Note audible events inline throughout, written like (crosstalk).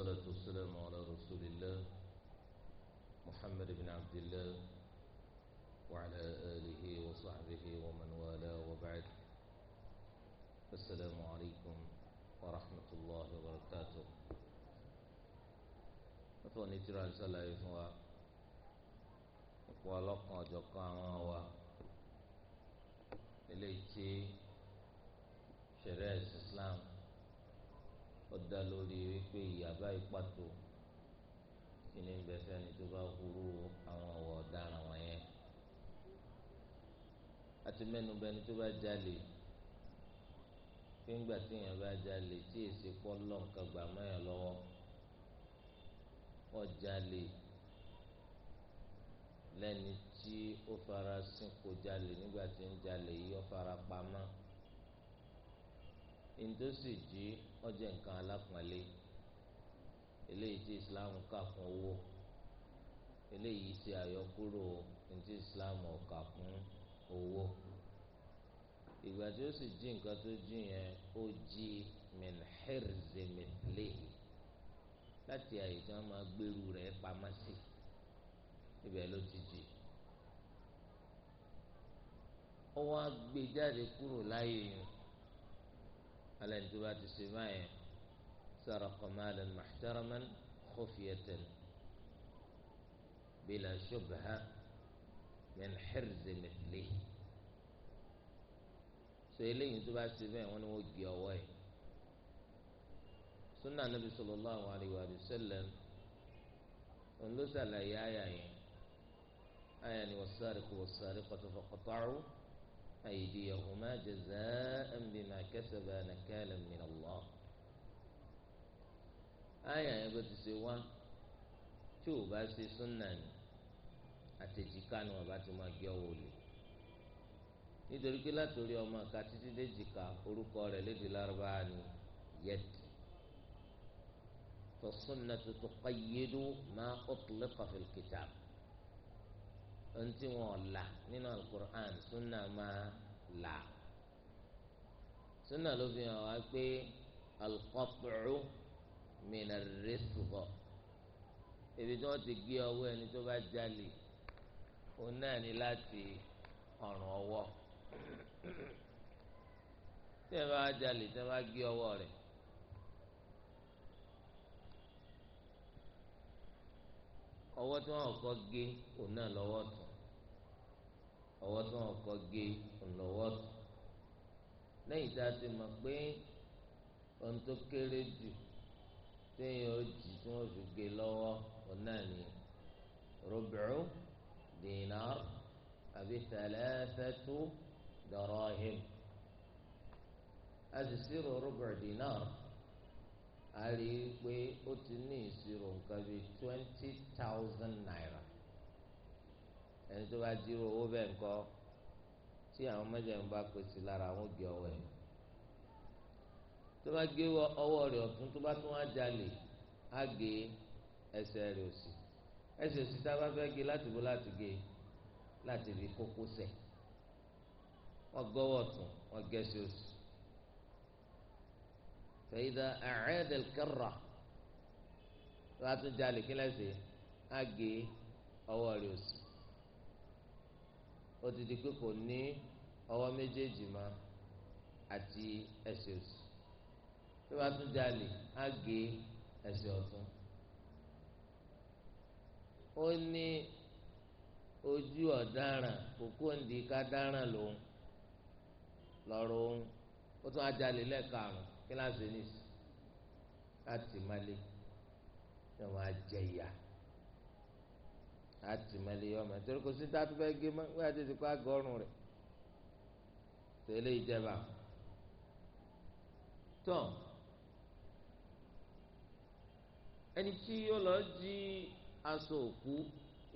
والصلاة والسلام على رسول الله محمد بن عبد الله وعلى آله وصحبه ومن والاه وبعد السلام عليكم ورحمة الله وبركاته أفضل نترى السلام ọ̀pọ̀lọpọ̀ ọ̀jọ̀kan àwọn wa eléyìí tí ṣẹ̀rẹ́ Islam dá lórí wípé ìyàbá ìpàtó kí ni bẹ fẹ́ni tó bá hurú àwọn ọ̀wọ̀ ọ̀daràn wọ̀nyẹn àti mẹ́nu bẹni tó bá jalè fíngbà tí èèyàn bá jalè tí èsì pọ́ lọ́nkà gbà mọ́yàn lọ́wọ́ ó jalè lẹ́ni tí ó fara sínkó jalè nígbà tí ń jalè yìí ó fara pamọ́ ìdósì jí ọjà nǹkan alápọ̀nlé eléyìí tí islam kà kún owó eléyìí ṣe àyọkúrò ní islam ọ̀kà kún owó ìgbà tí ó sì jí nǹkan tó jí yẹn ó jí min hirzi mithlihi láti àyè tí wọ́n máa gbèrú rẹ̀ pamọ́ sí ibẹ̀ ló ti jí ó wá gbé jáde kúrò láyé yẹn. الان تبات السماية سرق مالا محترما خفية بلا شبهة من حرز مثله سيلين تبات السماية ونوجي وين سنة النبي صلى الله عليه وآله وسلم ونسأل أي آية آية والسارق والسارقة فقطعوا أيديهما جزاء بما كسبا نكالا من الله آية يقول سوا شو o bá ṣe súnà ni àtẹ̀jìká ni wọn bá ti máa gé ọwọ́ lè nítorí pé látòrí ọmọ ká títí dé jìká orúkọ rẹ̀ lédè lárúbáwá ni yẹt fọsúnà tuntun kọ́ yéédú máa ọ̀tún lẹ́kọ̀ọ́ fìlìkìtà ohun tí wọn là nínú alukur'an sunna máa là sunna ló fi hàn wá pé alukọ́pùrù mìíràn rẹ́sùkọ̀ ibi tí wọ́n ti gbé ọwọ́ ẹni tó bá jalè òun náà ni láti ọ̀ràn ọwọ́ tí ẹ bá jalè tí ẹ bá gbé ọwọ́ rẹ̀ ọwọ́ tí wọ́n kọ́ gé òun náà lọ́wọ́ tún ọwọ́ tí wọ́n kọ́ gé òun lọ́wọ́ tún lẹ́yìn tá a ti mọ̀ pé ohun tó kéré jù téèyàn ó jì tí wọ́n fi gé lọ́wọ́ òun náà ni rubu'u dinar àbí thalathatu darahim a sì sírò rubu'u dinar a rí i pé ó ti ní ìṣirò nǹkan bíi twenty thousand naira ẹni tó bá dírò owó bẹ́ẹ̀ ńkọ́ tí àwọn mẹ́jẹ̀mú bá pèsè lára àwọn òbí ọwọ́ ẹ̀ tó bá gé ọwọ́ rẹ̀ ọ̀tún tó bá tún wá jalè á gé ẹsẹ̀ rẹ̀ òsì ẹsẹ̀ òsì tá a bá fẹ́ gé láti bó láti gé láti rí kókósẹ̀ wọ́n gọ́wọ́ ọ̀tún wọ́n gẹ́sẹ̀ òsì fẹ̀yìdà àcẹ́dẹ̀l kẹrà látúnjalè kí lẹ́sẹ̀ àgé ọwọ́ rẹ̀ òsì ó ti di pé kò ní ọwọ́ méjèèjì mọ́ àti ẹsẹ̀ òsì tó bá tún jalè àgé ẹsẹ̀ ọ̀tún ó ní ojú ọ̀daràn kókó ndí ká dáràn lòun lọ́rọ̀ ó tún ajalè lẹ́ẹ̀karùn kí náà ṣe ní ìsìn láti malé yọ máa jẹ ìyá láti malé yọ máa torí kò sí dátú fẹ́ gé mọ́ wíwá tètè kó àgọ́rùn rẹ̀ tẹ́lẹ̀ ìjẹba tó ẹni tí yóò lọ jí aṣọ òkú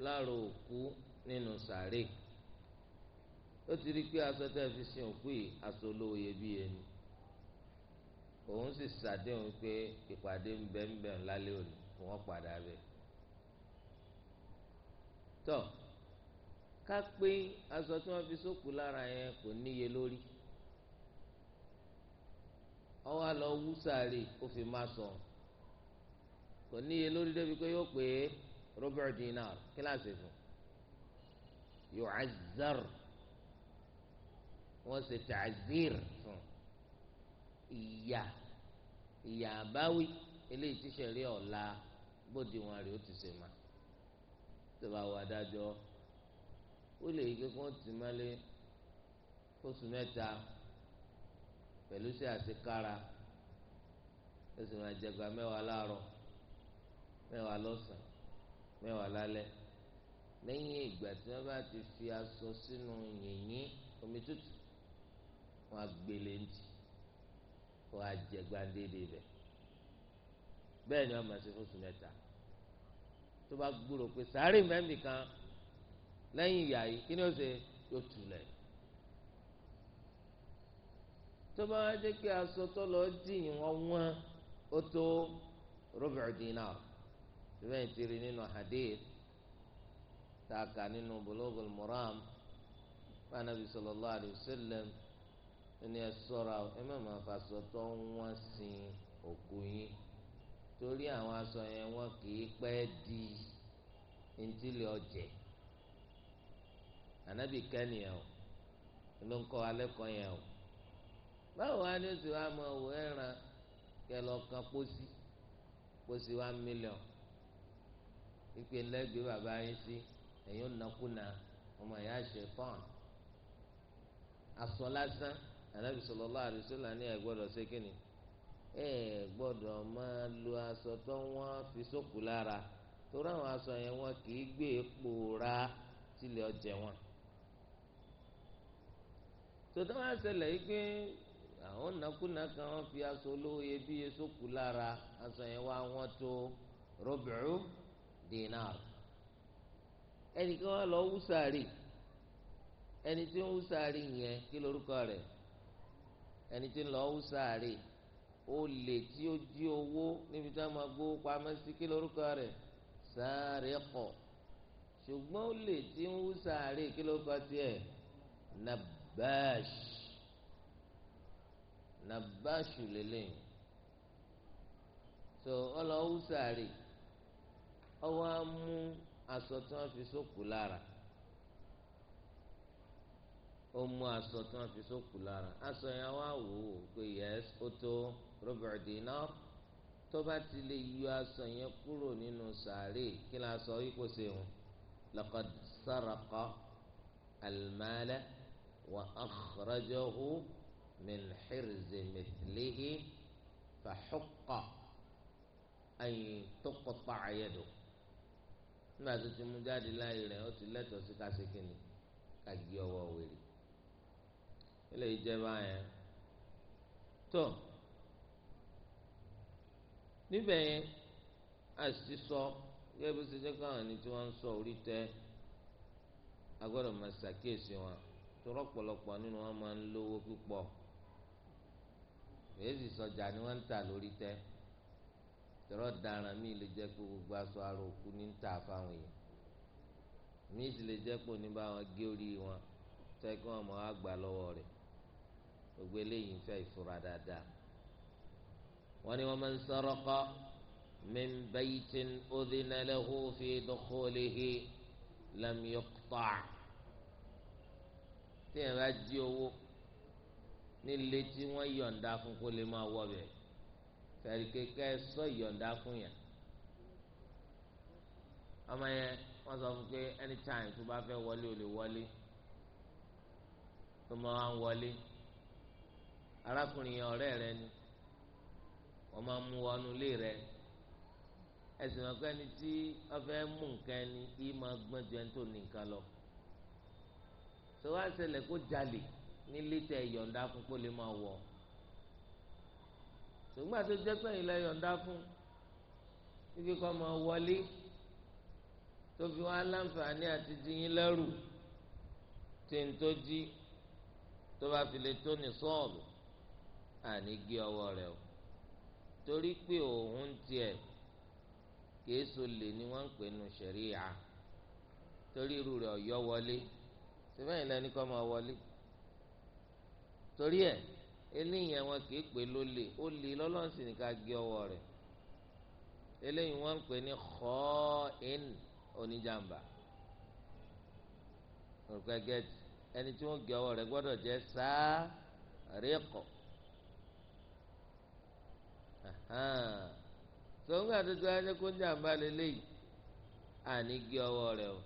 láàrọ̀ òkú nínú sàárè ó ti rí i pé aṣọ tẹ́ fi sin òkú yìí aṣọ olówó iyebíye ni òun sì ṣàdéhùn pé ìpàdé ń bẹ ń bẹ lálẹ́ òní fún wọn padà bẹ̀. tọ́ ká pé aṣọ tí wọ́n fi sókù lára yẹn kò níye lórí ọwọ́ lọ wú sáré ó fi má sọ kò níye lórí débi pé yóò pé Robert dinar kíláàsì fún yóò azar wọ́n ṣe tàzír fún ìyà ìyà àbáwí eléyìí tí sẹ̀rí ọ̀la bóde wọn rèé ó ti sè ma tó bá wà dájọ́ ó lè yí kékeré tì mọ́lé oṣù mẹ́ta pẹ̀lú sí àṣekára oṣù máa jẹgba mẹ́wàá láàárọ̀ mẹ́wàá lọ́sàn mẹ́wàá lálẹ́ lẹ́yìn ìgbà tí wọ́n bá ti fi aṣọ sínú yìnyín omi tútù wọ́n á gbélé e ntì kó a jẹ gbàndéèdè bẹ bẹ́ẹ̀ ni wọn máa ṣe fún oṣù mẹ́ta tó bá gbúrò pé sàárè mẹ́mì kan lẹ́yìn ìyá yìí kí ni ó ṣe yóò tulẹ̀ tó bá wá jẹ́ kí aṣọ tó lọ dìyìn wọn wọ́n ó tó rọ́bìrì dínà bẹ́ẹ̀ ti rí nínú hadith tá a kà nínú bulugul maram fún anabi sallallahu alayhi wa sallam ẹni ẹ ṣọ́ra ẹ má máa faṣọ tó wọ́n sin òkú yín torí àwọn aṣọ yẹn wọ́n kì í pẹ́ di ntílẹ̀ ọ̀jẹ̀ ànábì kẹ́ni o ló ń kọ́ alẹ́ kọ́ yẹn o báwo wá ní oṣù wa mọ òwò ẹran kẹlọ kan pósí pósí one million ìpè lẹ́gbẹ̀ẹ́ bàbá yín sí ẹ̀yìn ònàkúnà ọmọ ìyá ṣe fọ́ọ̀n aṣọ lásán anabi sallallahu alaihi ni ní ẹ gbọ́dọ̀ ṣe kíni ẹ gbọ́dọ̀ máa lo aṣọ tó wọ́n fi sókù lára torí àwọn aṣọ yẹn wọ́n kì í gbé pòórá tilẹ̀ ọjẹ wọn. tòtò wọn ṣẹlẹ̀ yìí pé àwọn nàkúnà kan wọ́n fi aṣọ olówó iyebíye sókù lára aṣọ yẹn wá wọ́n tó rọ́bìrú dinar ẹnìkan wọ́n lọ wúsàárì ẹni tí ó ń wúsàárì yẹn kí lorúkọ rẹ̀ ẹni tí ń lọ húsàárì olè tí ó jí owó níbi tí wọ́n máa gbówó pamọ́ sí kí lórúkọ rẹ̀ sáríkù ṣùgbọ́n olè tí ń húsàárì kí lórúkọ tiẹ̀ nabash nabashu lélẹ́yìn tó ọlọ́wọ́ húsàárì ọwọ́ á mú aṣọ tí lára ó mú aṣọ tí wọ́n fi sókù lára aṣọ yẹn wá wò ó pé yẹs ó tó rọ́bìrì dínà tó bá ti lè yọ aṣọ yẹn kúrò nínú sàárè kí la sọ yìí kò ṣe wọn laqad saraqa al-mala wa akhrajahu min hirzi mithlihi fa haqqa an nígbà tó ti mú jáde láàyè rẹ̀ ó ti lẹ́tọ̀ọ́ sí kásìkìnì ká gé ọwọ́ eléyìí jẹ́ báyẹn tó níbẹ̀ yẹn àṣìṣe sọ gẹ́gẹ́ bí ṣe jẹ́ káwọn ẹni tí wọ́n ń sọ orí tẹ́ agbọ́dọ̀ máa ṣàkíyèsí wọn tọrọ pọ̀lọpọ̀ nínú wọn máa ń lówó púpọ̀ èyí sọjà ni wọ́n ń tà lórí tẹ́ tọrọ daran mi lè jẹ́ pé gbogbo aṣọ ara òkú ní ń tà fáwọn èèyàn mi sì lè jẹ́ pé òní gé orí wọn tẹ́ kí wọ́n mọ̀ á gbà lọ́wọ́ rẹ̀ gbogbo eléyìí ń fẹ́ ìfura dáadáa wọ́n ní wa man saraqa min baytin udhina lahu fi dukhulihi lam yuqta' tí yẹn bá jí owó nílé tí wọ́n yọ̀ǹda fún kó lè máa wọ bẹ̀ fẹ̀rí kékeré sọ yọ̀ǹda fún yẹn ọmọ yẹn wọ́n sọ fún pé anytime tó bá fẹ́ wọlé ò lè wọlé tó máa ń wọlé arákùnrin yẹn ọ̀rẹ́ rẹ ni wọ́n máa mú wọnú ilé rẹ ẹ̀sìn ọ̀gá ẹni tí wọ́n fẹ́ mú nǹkan ẹni kí máa gbọ́n ju ẹni tó ní nǹkan lọ tó wá ṣẹlẹ̀ kó jalè nílé tẹ yọ̀ǹda fún kó lè máa wọ̀ ṣùgbọ́n àti jẹ́ pé ìlẹ̀ yọ̀ǹda fún ibi kan máa wọlé tó fi wá láǹfààní àti dìyín lẹ́rù tí n tó jí tó bá fi lè tó ní sọ́ọ̀lù àní gé ọwọ́ rẹ̀ o torí pé òun tiẹ̀ kìí sọlẹ̀ ni wọ́n ń pè nu ṣẹ̀ríyà torí irú rẹ̀ ọ̀yọ́ wọlé sẹ́fẹ̀yìn lẹ́ni kọ́ máa wọlé torí ẹ̀ eléyìí àwọn kìí pè lólè ó lè lọ́lọ́run sì ní ká gé ọwọ́ rẹ̀ eléyìí wọ́n ń pè ní xọ́ọ́ìn oníjàmbá òrùka gẹ́tì ẹni tí wọ́n gé ọwọ́ rẹ̀ gbọ́dọ̀ jẹ́ sáà rẹ́kọ̀ọ́ sọ̀ngbà tuntun ajé kó ń jàǹbá lélẹ́yìí àní gé ọwọ́ rẹ̀ o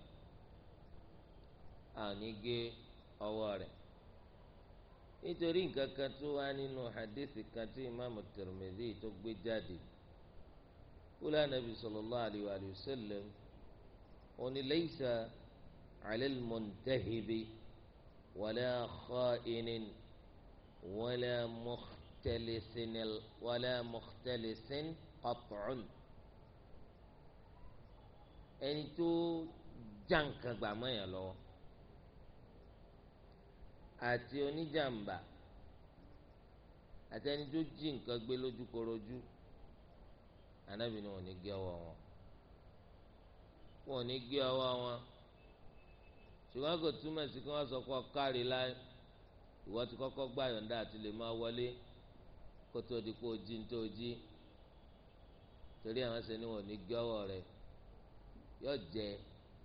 àní gé ọwọ́ rẹ̀ nítorí nǹkan kan tó wá nínú hadithi kan tí imaamu Tirmidhi tó gbé jáde kúlẹ̀ anabi sallallahu alayhi wa sallam oní laysa ala al-muntahibi wala kha'inin wala مختلسٍ ولا مختلسٍ قطع ẹni tó já nǹkan gbà mọ́yàn lọ́wọ́ àti oníjàmbá àti ẹni tó jí nǹkan gbé lójúkorojú anábì ni wọn ò ní gé ọwọ́ wọn wọn ò ní gé ọwọ́ wọn ṣùgbọ́n kò túmọ̀ sí kí wọ́n sọ pé ọ̀kárí láì ìwọ ti kọ́kọ́ gbà yọ̀ǹda àti lè máa wọlé kótó di kó jí tó jí torí àwọn sẹni wọn ní gbọ́wọ́ rẹ̀ yóò jẹ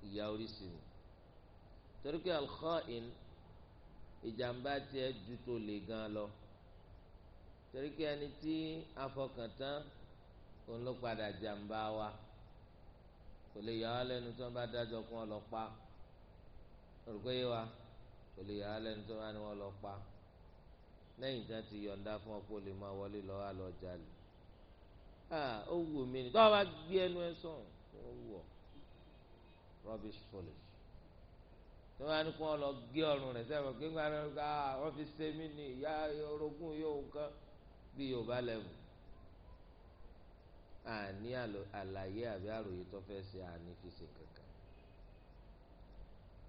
ìyá oríṣi ni torí pé alkhọ́ìn ìjàmbá tiẹ̀ ju tó le gan lọ torí pé ẹni tí afọkàntán òun ló padà jàmbá wa kò lè yà á lẹ́nu tó ń bá dájọ́ kó wọn lọ pa olùkọ́ yé wa kò lè yà á lẹ́nu tó ń bá ní wọn lọ pa lẹ́yìn tí wọ́n ti yọ̀ǹda fún ọkọ lè máa wọlé lọ wá lọ jalè ó wù mí ni tọ́wọ́ bá gbé ẹnu ẹ sàn ó wọ̀ rubbish polish tí wọ́n á ní kí wọ́n lọ gé ọrùn rẹ̀ sẹ́wọ̀n kí wọ́n á ní ká wọ́n fi ṣe mí ni ìyá orogún yóò kán bí Yorùbá lẹ́wù àní àlàyé àbí àròyé tó fẹ́ ṣe àní fi ṣe kankan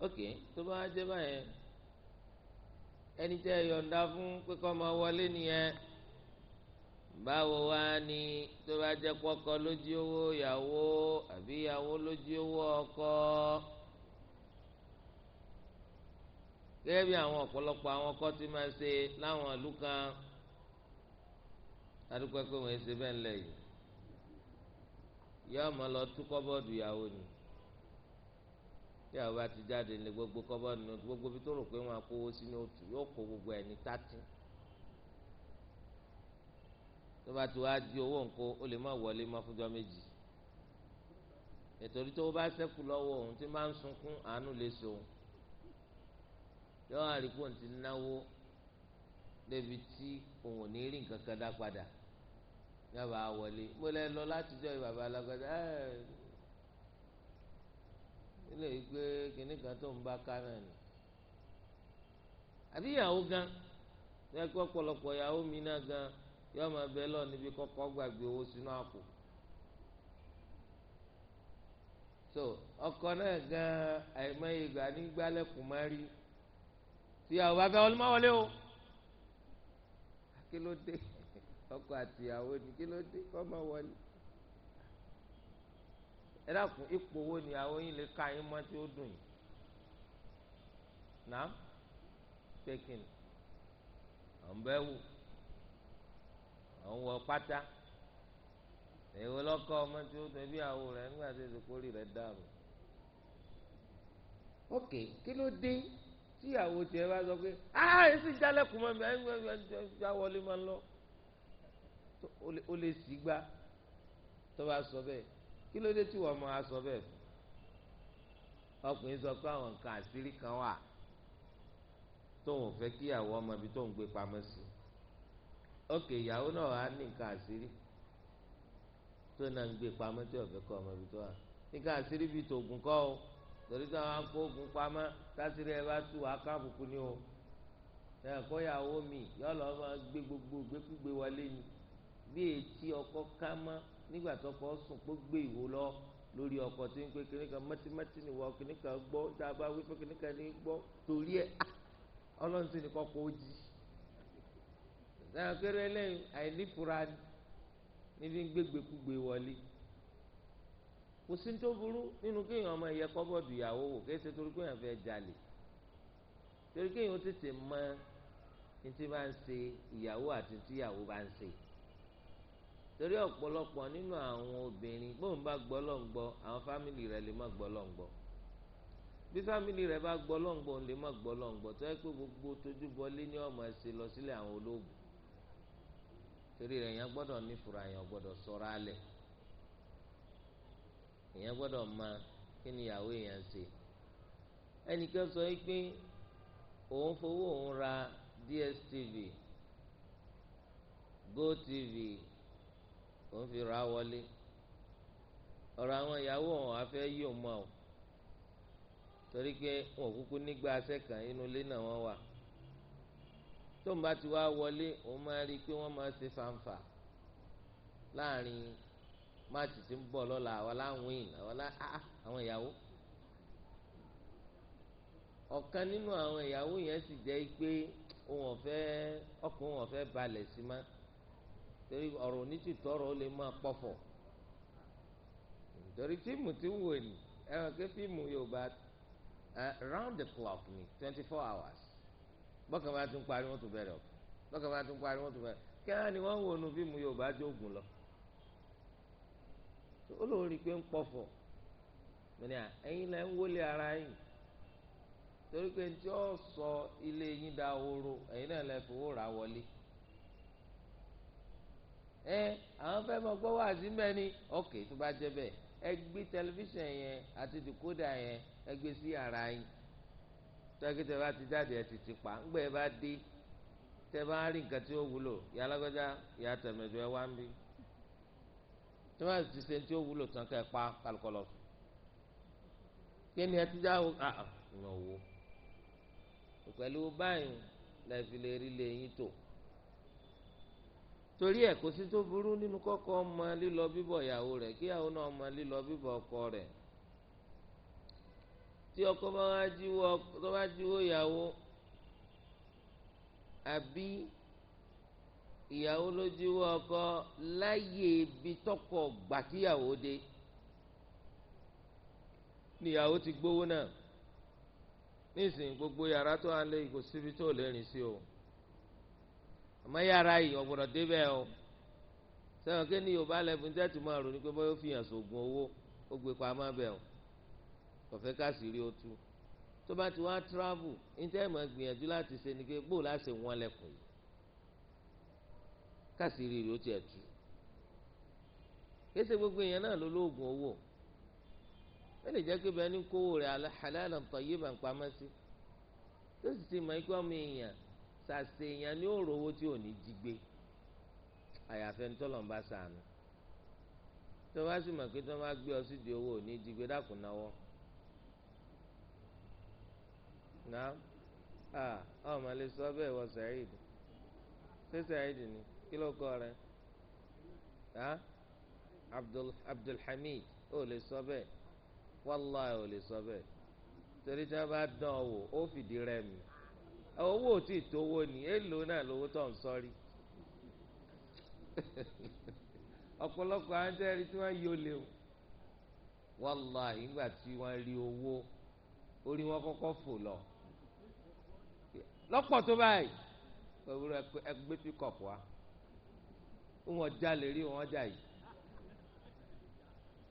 ok tó bá jẹ́ báyẹn ẹni tẹ́ yọ̀ǹda fún pé kó máa wọlé nìyẹn báwo wá ni tó bá jẹ́ pọ́kọ lójú owó ìyàwó àbí ìyàwó lójú owó ọkọ gẹ́gẹ́ bí àwọn ọ̀pọ̀lọpọ̀ àwọn ọkọ ti máa ṣe láwọn ìlú kan adúpẹ́ pé wọ́n ṣe bẹ́ẹ̀ ńlẹ̀ yìí yọ́ọ́ lọ tú kọ́bọ́ọ̀dù ìyàwó ni tí àwọn bá ti jáde ní gbogbo kọ́bọ́ ní gbogbo bí tó rò pé wọn akówó sí ní òtún yóò kó gbogbo ẹ̀ ní tátì tó bá ti wá di owó nǹkó ó lè má wọlé má fúnjọ méjì ètòrí tó bá sẹ́kù lọ́wọ́ òun tí máa ń sunkún àánú lè so òun yọ̀ọ́ àríkò ti náwó débi tí òun ò ní rí nǹkan kan dá padà yàrá wọlé mo lè lọ láti jọ ìbàbá alágbádá ẹ́ẹ́ ilé ìgbé kìnnì kan tó ń bá ká náà ni àbí ìyàwó gan lẹ́kọ́ ọ̀pọ̀lọpọ̀ ìyàwó mi náà gan yóò máa bẹ lọ níbi kọ́kọ́ gbàgbé owó sínú àpò so ọkọ náà gan àìmọye ìgbà nígbàlẹ́kùn máa rí tíyàwó bá fẹ́ ọlọ́mọwọlé o kí ló dé (laughs) ọkọ àtìyàwó ni kí kọ́ máa wọlé ẹ dákun ipò wo ni àwọn yín lè ka yín mọ́ tí ó dùn yín nàá pékin àwọn bẹ wù àwọn wọ pátá èwo lọkọ ọmọ tí ó dùn bí àwọ rẹ nígbà tí èso kórì rẹ dàrú. ok kí ló dé tíyàwó tiẹ̀ bá sọ pé ah èsì jálẹ̀kùn mọ́ mi ẹ̀ já wọlé máa ń lọ ó lè sì gbá tó bá sọ bẹ́ẹ̀ kí ló dé tí wọ́n mọ aṣọ bẹ́ẹ̀ fún ọkùnrin sọ pé àwọn nǹkan àṣírí kan wà tóun ò fẹ́ kí ìyàwó ọmọ ibi tóun gbé pamọ́ sí ókè ìyàwó náà wà á ní nǹkan àṣírí tó náà ń gbé pamọ́ tí ò fẹ́ ọmọ ibi tó wà nǹkan àṣírí bíi tòògùn kọ́ o torí tí wọ́n kó oògùn pamọ́ tásìrí ẹ bá tú wàá káàbùkù ni o ẹ kọ́ ìyàwó mi yọ lọ́ọ́ máa gbé gbogbo gbégbé wọlé ni bí etí ọkọ ká mọ́ nígbà tó kọ́ sùn kó gbé ìwo lọ lórí ọkọ̀ tí ń pé kìnìkan mẹ́tímẹ́tí ni wọ́n kìnìkan gbọ́ tá a bá wí pé kìnìkan ní gbọ́ torí ẹ̀ ah, ọlọ́run sì ní kọ́kọ́ ó jí sẹ́yìn kéré lẹ́yìn àìnífura níbi ń gbégbékúgbé wọlé kò sí tó burú nínú kéèyàn ọmọ ẹ̀yẹ kọ́bọ̀ dùyàwó wò kéèsè torí kéèyàn fẹ́ jalè torí kéèyàn ó tètè mọ ní ti máa ń ṣe ìyàwó àti tíyàwó bá ń ṣe torí ọ̀pọ̀lọpọ̀ nínú àwọn obìnrin bóun bá gbọ́ lọ́n gbọ́ àwọn fámìlì rẹ̀ lè má gbọ́ lọ́n gbọ́ bí fámìlì rẹ̀ bá gbọ́ lọ́n gbọ́ òun lè má gbọ́ lọ́n gbọ́ tó yẹ pé gbogbo tójú bọ lé ní ọmọ ẹsẹ̀ lọ sílẹ̀ àwọn olóògùn torí rẹ̀ yẹn gbọ́dọ̀ nífura yẹn gbọ́dọ̀ sọ̀rọ̀ alẹ̀ èèyàn gbọ́dọ̀ mọ kí ni ìyàwó èèyàn ṣe ẹnìkan sọ pé òun fowó òun ra DSTV GoTV kò fi ra wọlé ọ̀rọ̀ àwọn ìyàwó wọn afẹ́ yíò mọ́ ọ torí pé wọn kúkú nígbà sẹ́kàn inú ilé náà wọ́n wà tó ń bá ti wá wọlé òun máa rí i pé wọ́n máa ṣe fanfa láàrin máàtì tí ń bọ̀ lọ́la àwọn aláwìn àwọn ìyàwó ọ̀kan nínú àwọn ìyàwó yẹn sì jẹ́ pé òun ọ̀fẹ́ ọkùnrin ọ̀fẹ́ balẹ̀ sí máa torí ọ̀rọ̀ onítìtọ́ ọ̀rọ̀ ó lè máa pọ̀fọ̀ torí fíìmù tí wò ní ẹ̀rọ pé fíìmù Yorùbá round the clock ni twenty four hours bọ́kàn bá tún parí wọ́n tún bẹ̀rẹ̀ ọ̀kan bọ́kàn bá tún parí wọ́n tún bẹ̀rẹ̀ kẹ́hán ni wọ́n ń wọnú fíìmù Yorùbá jógun lọ olórí pé ń pọ̀fọ̀ mẹ́ni à ẹ̀yin lẹ́ ń wọlé ara yìí torí pé tí ó sọ ilé yín da horo ẹ̀yin náà lẹ́ fowó rà wọlé ẹ àwọn fẹ́ mọ gbọ́ wá sí mbẹ́ ni ok tó bá jẹ́ bẹ́ẹ̀ ẹ gbé tẹlifíṣàn yẹn àti dìkódà yẹn ẹ gbé sí yàrá yín tẹ́kítẹ́ bá ti jáde ẹ̀ tètè pa ńgbẹ́ ẹ bá dé tẹ́ bá rí nǹkan tí ó wúlò yàlágbọ́já yà tẹ̀mẹ̀dọ̀ ẹ wá ń bí tí wọ́n ti ṣe tí ó wúlò tán kẹ́ ẹ pa kálukọ́lọ́ kí ni ẹ ti já o ah, ah ìyàn wo pẹ̀lú báyìí lẹ́ẹ̀fi lè rí lẹ́yìn tó torí ẹ̀ kò sí tó burú nínú kọ́kọ́ ọmọ lílọ bíbọ̀ ìyàwó rẹ̀ kí ìyàwó náà ọmọ lílọ bíbọ̀ ọkọ rẹ̀ tí ọkọ bá wá jíwọ́ tó bá jíwọ́ ìyàwó àbí ìyàwó ló jíwọ́ ọkọ láyè ibi tọkọ gbà kíyàwó dé níyàwó ti gbowó náà nísìnyí gbogbo yàrá tó wà lẹ́yìn kò síbi tó lè rìn sí o. Si àmọ́ yàrá yìí ọ̀gbọ́dọ̀ débẹ̀ o sẹ́wọ̀n kí ni yorùbá lẹ́fún tẹ́ ti máa ronú pé bọ́ yóò fi hàn sóògùn owó ó gbé pamọ́ bẹ̀ o kò fẹ́ ká sì rí o tú tó bá ti wá travel ní tẹ́ mọ̀ gbìyànjú láti ṣe ni pé bó láṣẹ wọn lẹ́kùn yìí ká sì rí o tiẹ̀ tú kése gbogbo èèyàn náà ló lóògùn owó ó lè jẹ́ pé bẹ́ẹ̀ ni kówó rẹ̀ halalan tayyiban pamọ́ sí tó sì ti mọ̀ ikú ọmọ èèyàn sàṣe èèyàn ní òòrò owó tí ò ní jí gbé àyàfẹ́ ní tọ́lọ̀ ń bá sànù tó bá sì mọ̀ pé tó bá gbé ọ sí di owó ò ní jí gbé dákun náà ah ọmọ lè sọ bẹ́ẹ̀ wọ Saheed ṣé Saheed ni kí ló kọ rẹ ah Abdul Abdulhamid ó lè sọ bẹ́ẹ̀ wàláì ó lè sọ bẹ́ẹ̀ torí tí wọ́n bá dán ọ wò ó fìdí rẹ̀ mi owó ò tí ì tówó ni èèlò náà lówó tó ń sọrí ọ̀pọ̀lọpọ̀ àńtẹ́rì tí wọ́n yí olè o wàláhì ìgbà tí wọ́n rí owó orí wọn kọ́kọ́ fò lọ lọ́pọ̀ tó báyìí òwúrọ̀ ẹgbẹ́ píkọ̀pù wa wọn jalè rí wọn jà yìí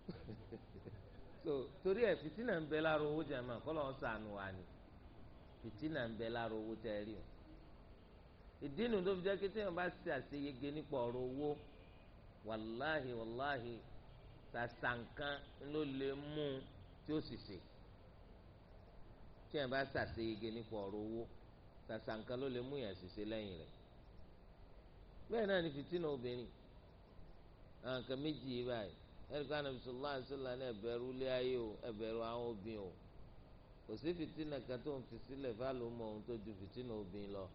(laughs) so torí ẹ̀ fìtínà ń bẹ lára owó jẹ mà kọ́ lọ́n sànù wa ni fitina ń bẹ lára owó tẹ́ ẹ rí o ìdínú tó fi jẹ́ kí téèyàn bá ṣe àṣeyege nípa ọ̀rọ̀ owó wàláhì wàláhì sàṣàǹkan ló lè mú un tí ó sì ṣe téèyàn bá ṣàṣeyege nípa ọ̀rọ̀ owó sàṣàǹkan ló lè mú yàn ṣiṣẹ́ lẹ́yìn rẹ̀ bẹ́ẹ̀ náà ni fìtínà obìnrin àwọn nǹkan méjì yìí báyìí ẹ̀ríkà nàbìsọ̀lá àṣọlá ní ẹ̀bẹ̀rù ilé ayé o ẹ̀bẹ̀rù àwọn obìnrin o kò sí fìtínà kan tó ń fi sílẹ̀ bá ló mọ ohun tó ju fìtínà obìnrin lọ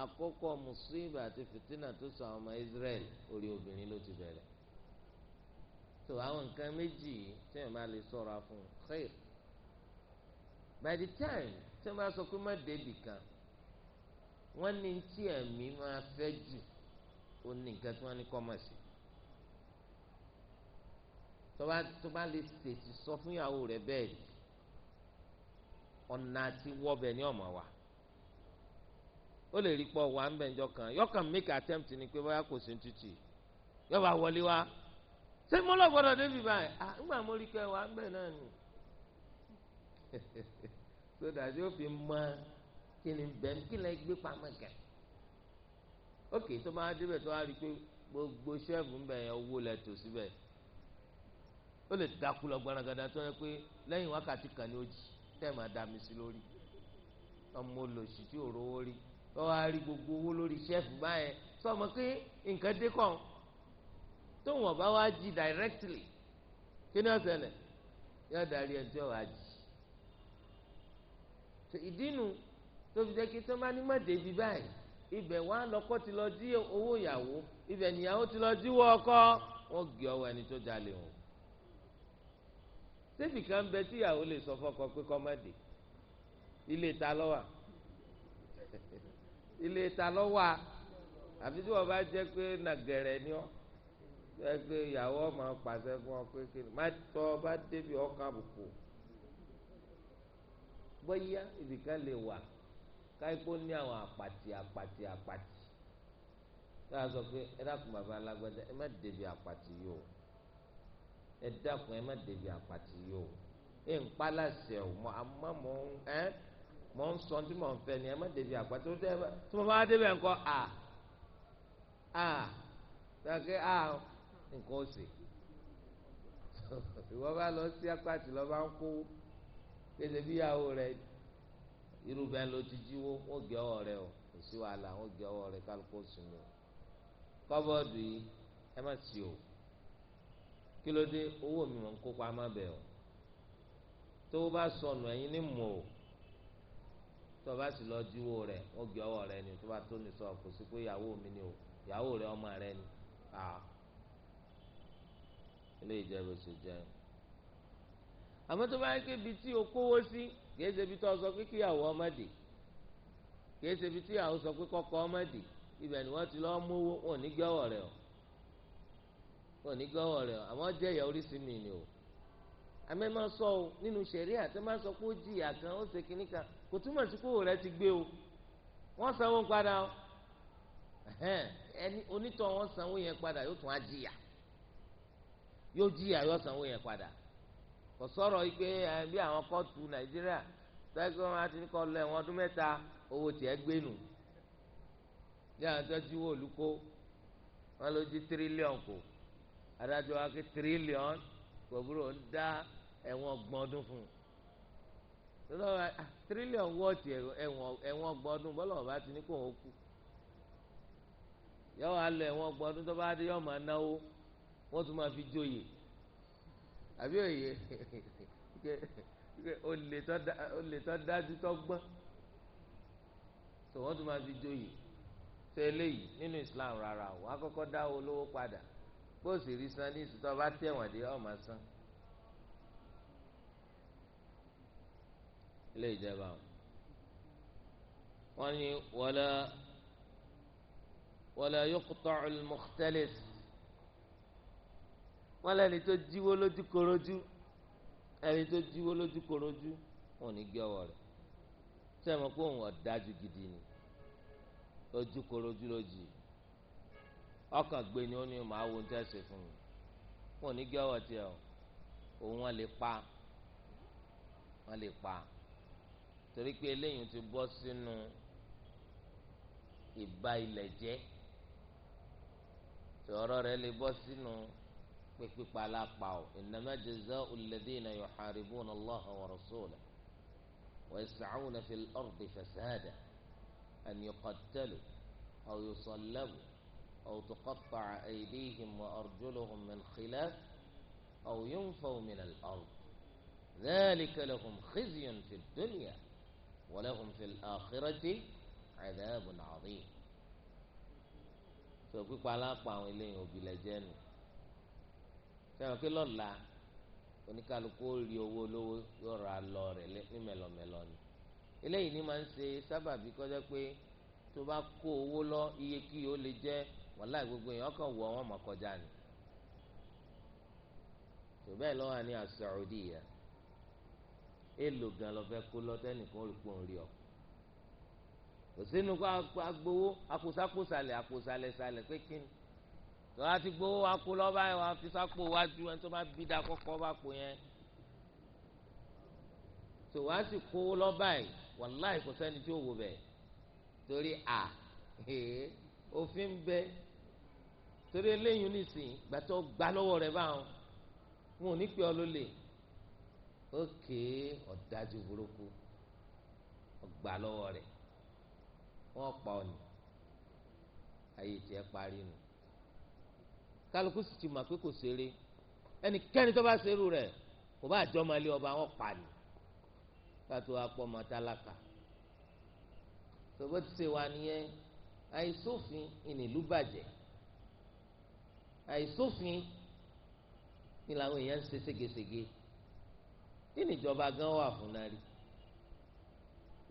àkọ́kọ́ mùsùlùmí àti fìtínà tó sọ àwọn ọmọ Israel orí obìnrin ló ti bẹ̀rẹ̀ tó àwọn nǹkan méjì tí wọ́n máa lè sọ̀rọ̀ fún xeyr by the time tí wọ́n bá sọ pé má débì kan wọ́n ní tí ẹ̀mí máa fẹ́ jù ó ní nǹkan tí wọ́n ní kọ́mọ̀sì tó bá lè tètè sọ fún ìyàwó rẹ̀ bẹ́ẹ̀ ọ̀nà àti wọ́bẹ̀ ní ọ̀mọ̀ wa ó lè rí pọ̀ wà ń bẹ̀ ǹjọ́ kan yọkàn make attempt ni pé bóyá kò sí títì yọba wọlé wa ṣé mo lọ gbọdọ̀ débi báyìí à ńgbà mo rí kẹ́ wà ń bẹ̀ náà nù (laughs) so that yóò fi mọ kí ni bẹ́ẹ̀ kí ni gbé pamọ́ gẹ̀ ok tó bá débẹ̀ tó wá rí pé gbogbo ṣẹ́ẹ̀fù ń bẹ̀ yẹn owó lẹ̀ tó síbẹ̀ ó lè dákú lọ gbaragada tó yẹ pé lẹ́yìn wákàtí kan ni ó jì í tẹ́ máa dá mi sí lórí ọmọ olóṣì tí ò rówó rí lọ́wọ́ á rí gbogbo owó lórí ṣẹ́ẹ̀fù báyẹn sọmọ pé nǹkan dé kàn tó wọn bá wá jí directly kí ni ọ̀sẹ̀ lẹ̀ yóò darí ẹni tí ó wá jí ìdí nu tó fi jẹ́ kí tó máa ní má débi báyìí ibẹ̀ wá lọ́kọ́ ti lọ jí owó ìyàwó ibẹ̀ nìyàwó ti lọ jí wọ́ ọkọ wọ́n gé ọwọ́ ẹni tó jalè wọn sẹ́fì kan bẹ tíyàwó lè sọ fọkọ pé kọ́ má dé ilé ta lọ́wà (laughs) ilé ta lọ́wà àfi tí wọ́n bá jẹ́ pé nàgẹ̀rẹ̀ ni ọ́ jẹ́ pé ìyàwó ọmọ pàṣẹ fún ọ pé kí ni má tọ́ bá débi ọkàn àbùkù bóyá ibìkan lè wà káyipó ní àwọn àpàtì àpàtì àpàtì tí sọ pé ẹ dákun bàbá alágbádá ẹ má débi àpàtì yìí o ẹ dákun ẹ má débi àpàtì yìí o ẹ ń palasẹ o mọ àmọ́ mọ ẹ mọ ń sọ tí mọ ń fẹ́ ni ẹ má débi àpàtì o tí mo bá débi ẹ ń kọ a a dàgẹ a nǹkan ó sè ìwọ bá lọ sí àpàtì lọ bá ń kó kéde bíyàwó rẹ irú ló ti jíwó ó gé ọwọ́ rẹ o kò sí wàhálà ó gé ọwọ́ rẹ kálukó sùn ní yìí ẹ má sí o kí ló dé owó mi mọ̀ ń kópa má bẹ̀ tó o bá sọnù ẹ̀yin ní mọ̀ o tó o bá sì lọ jíwó rẹ̀ wọ́n gbé ọwọ́ rẹ̀ ni tó bá tó ní sọ kò sí pé ìyàwó mi ni o ìyàwó rẹ̀ ọmọ rẹ̀ ni a ilé ìjẹ́bù sì jẹ́ àmọ́ tó bá yẹ kó ibi tí o kówó sí kìí ṣe ibi tó o sọ pé kíyàwó ọmọ dì kìí ṣe ibi tí ìyàwó sọ pé kọ́kọ́ ọmọ dì ibẹ̀ ni wọ́n ti lọ́ọ́ mówó wọn ò ní gbé ọwọ́ rẹ̀ o wọn ò ní gbọ́wọ́ rẹ̀ o àmọ́ jẹ́ ìyá oríṣi mi ni o àmọ́ ẹ máa sọ o nínú sẹ̀rí àti máa sọ pé ó jìyà kan ó ṣe kínní kan kò túmọ̀ sí pé òwò rẹ ti gbé o wọ́n sanwó padà o ẹni onítọ̀ wọn sanwó yẹn padà yóò tún á jìyà yóò jìyà yóò sanwó yẹn padà kò sọ̀rọ̀ yìí pé bí àwọn kóòtù nàìjíríà tẹ́gbẹ́ wọn ti kọ́ lọ ẹ̀wọ̀n ọdún mẹ́ta owó tiẹ̀ gbé nù bí àwọn tó ti wọ olùkó wọn ló jí tírílíọ̀n kù adájọ́ wa kí tírílíọ̀n gbòòbúrò ń dá ẹ̀wọ̀n ọgbọ̀n ọdún fún un lọ́wọ́ ah, tírílíọ̀n wọ́ọ̀tì ẹ̀wọ̀n ọgbọ̀n ọdún bọ́lá ọ̀bá ti ní kó o kú yọ wà lọ ẹ̀wọ̀n ọgbọ̀n ọdún tó bá dé yọ máa náwó wọ́n tún máa fi jóyè àbí òye (laughs) olè tó dájú tó gbọ́n tó wọ́n tún máa fi jóyè tó eléyìí nínú Islam rárá o wọ́n á kọ́kọ́ dáwọ́ olówó padà bó sì rí san ní ìsútọ́ bá tẹ̀wọ̀n dé ọ̀ máa san. ilé ìjẹba wọn ni wala wala yuqta' al-mukhtalis wọn lẹni tó jíwó lójú korojú ẹni tó jíwó lójú korojú wọn ò gé ọwọ́ rẹ̀ sẹ́mi pé òun ọ̀dájú gidi ni lójú korojú lójú yìí ọkàn gbé ni ó ní màá wo tẹ́ ṣe fún mi wọn ò ní gé ọwọ́ tiẹ̀ o òun wọn lè pa wọn lè pa torí pé eléyìí ti bọ́ sínú ìba ilẹ̀ jẹ́ tọ̀rọ̀ rẹ̀ lè bọ́ sínú pípípa alápá o innama jaza'u alladhina yuharibuna Allaha wa rasulahu wa yas'una fil ardi fasada an yuqattalu aw yusallabu. أو تقطع أيديهم وأرجلهم من خلاف أو ينفوا من الأرض ذلك لهم خزي في الدنيا ولهم في الآخرة عذاب عظيم sọ pípa alápá àwọn eléyìí òbí lẹjẹ nù sẹwọn pé lọ́la oníkálukú ó rí owó olówó yóò ra lọ rẹ ní mẹlọmẹlọ ni eléyìí ni máa ń ṣe sábàbí kọjá pé tó bá kó owó lọ iye kí o lè jẹ wàláì gbogbo yẹn ọkàn wọ wọn mọ kọjá ni tó bẹ́ẹ̀ lọ́wọ́ ní Saudiya èlò gan lọ fẹ́ kó lọ́tẹ́ nìkan olùkọ́ ń rí ọ kò sínú kó agbowó akósákósálẹ̀ akósálẹ̀sálẹ̀ pé kí ni tó a ti gbowó akó lọ́ba yẹn wọn fi sápò wájú ẹni tó bá bí da kọ́kọ́ bá pò yẹn tó wàá sì kó lọ́ba yìí wàláì kò sẹ́ni tí ó wò bẹ́ẹ̀ torí à òfin bẹ́ẹ̀ torí eléyìí nìsín gbàtọ́ gbà lọ́wọ́ rẹ̀ báwọn wọn ò ní pẹ́ ọ ló lè ókè ọ̀dájú burúkú ọgbà lọ́wọ́ rẹ̀ wọ́n pa ọ̀nì ayé tiẹ̀ parí nù kálukú sì ti mọ̀ pé kò ṣeré ẹnikẹ́ni tó bá ṣerú rẹ̀ kò bá àjọ máa lé ọba wọn pa ni kátó apọ̀ mọ́ tálákà tòbó ti ṣe wà nìyẹn àìsófin ìnílú bàjẹ́ àìsófin ni làwọn èèyàn ń ṣe ségesège kí ni gan wà fún náà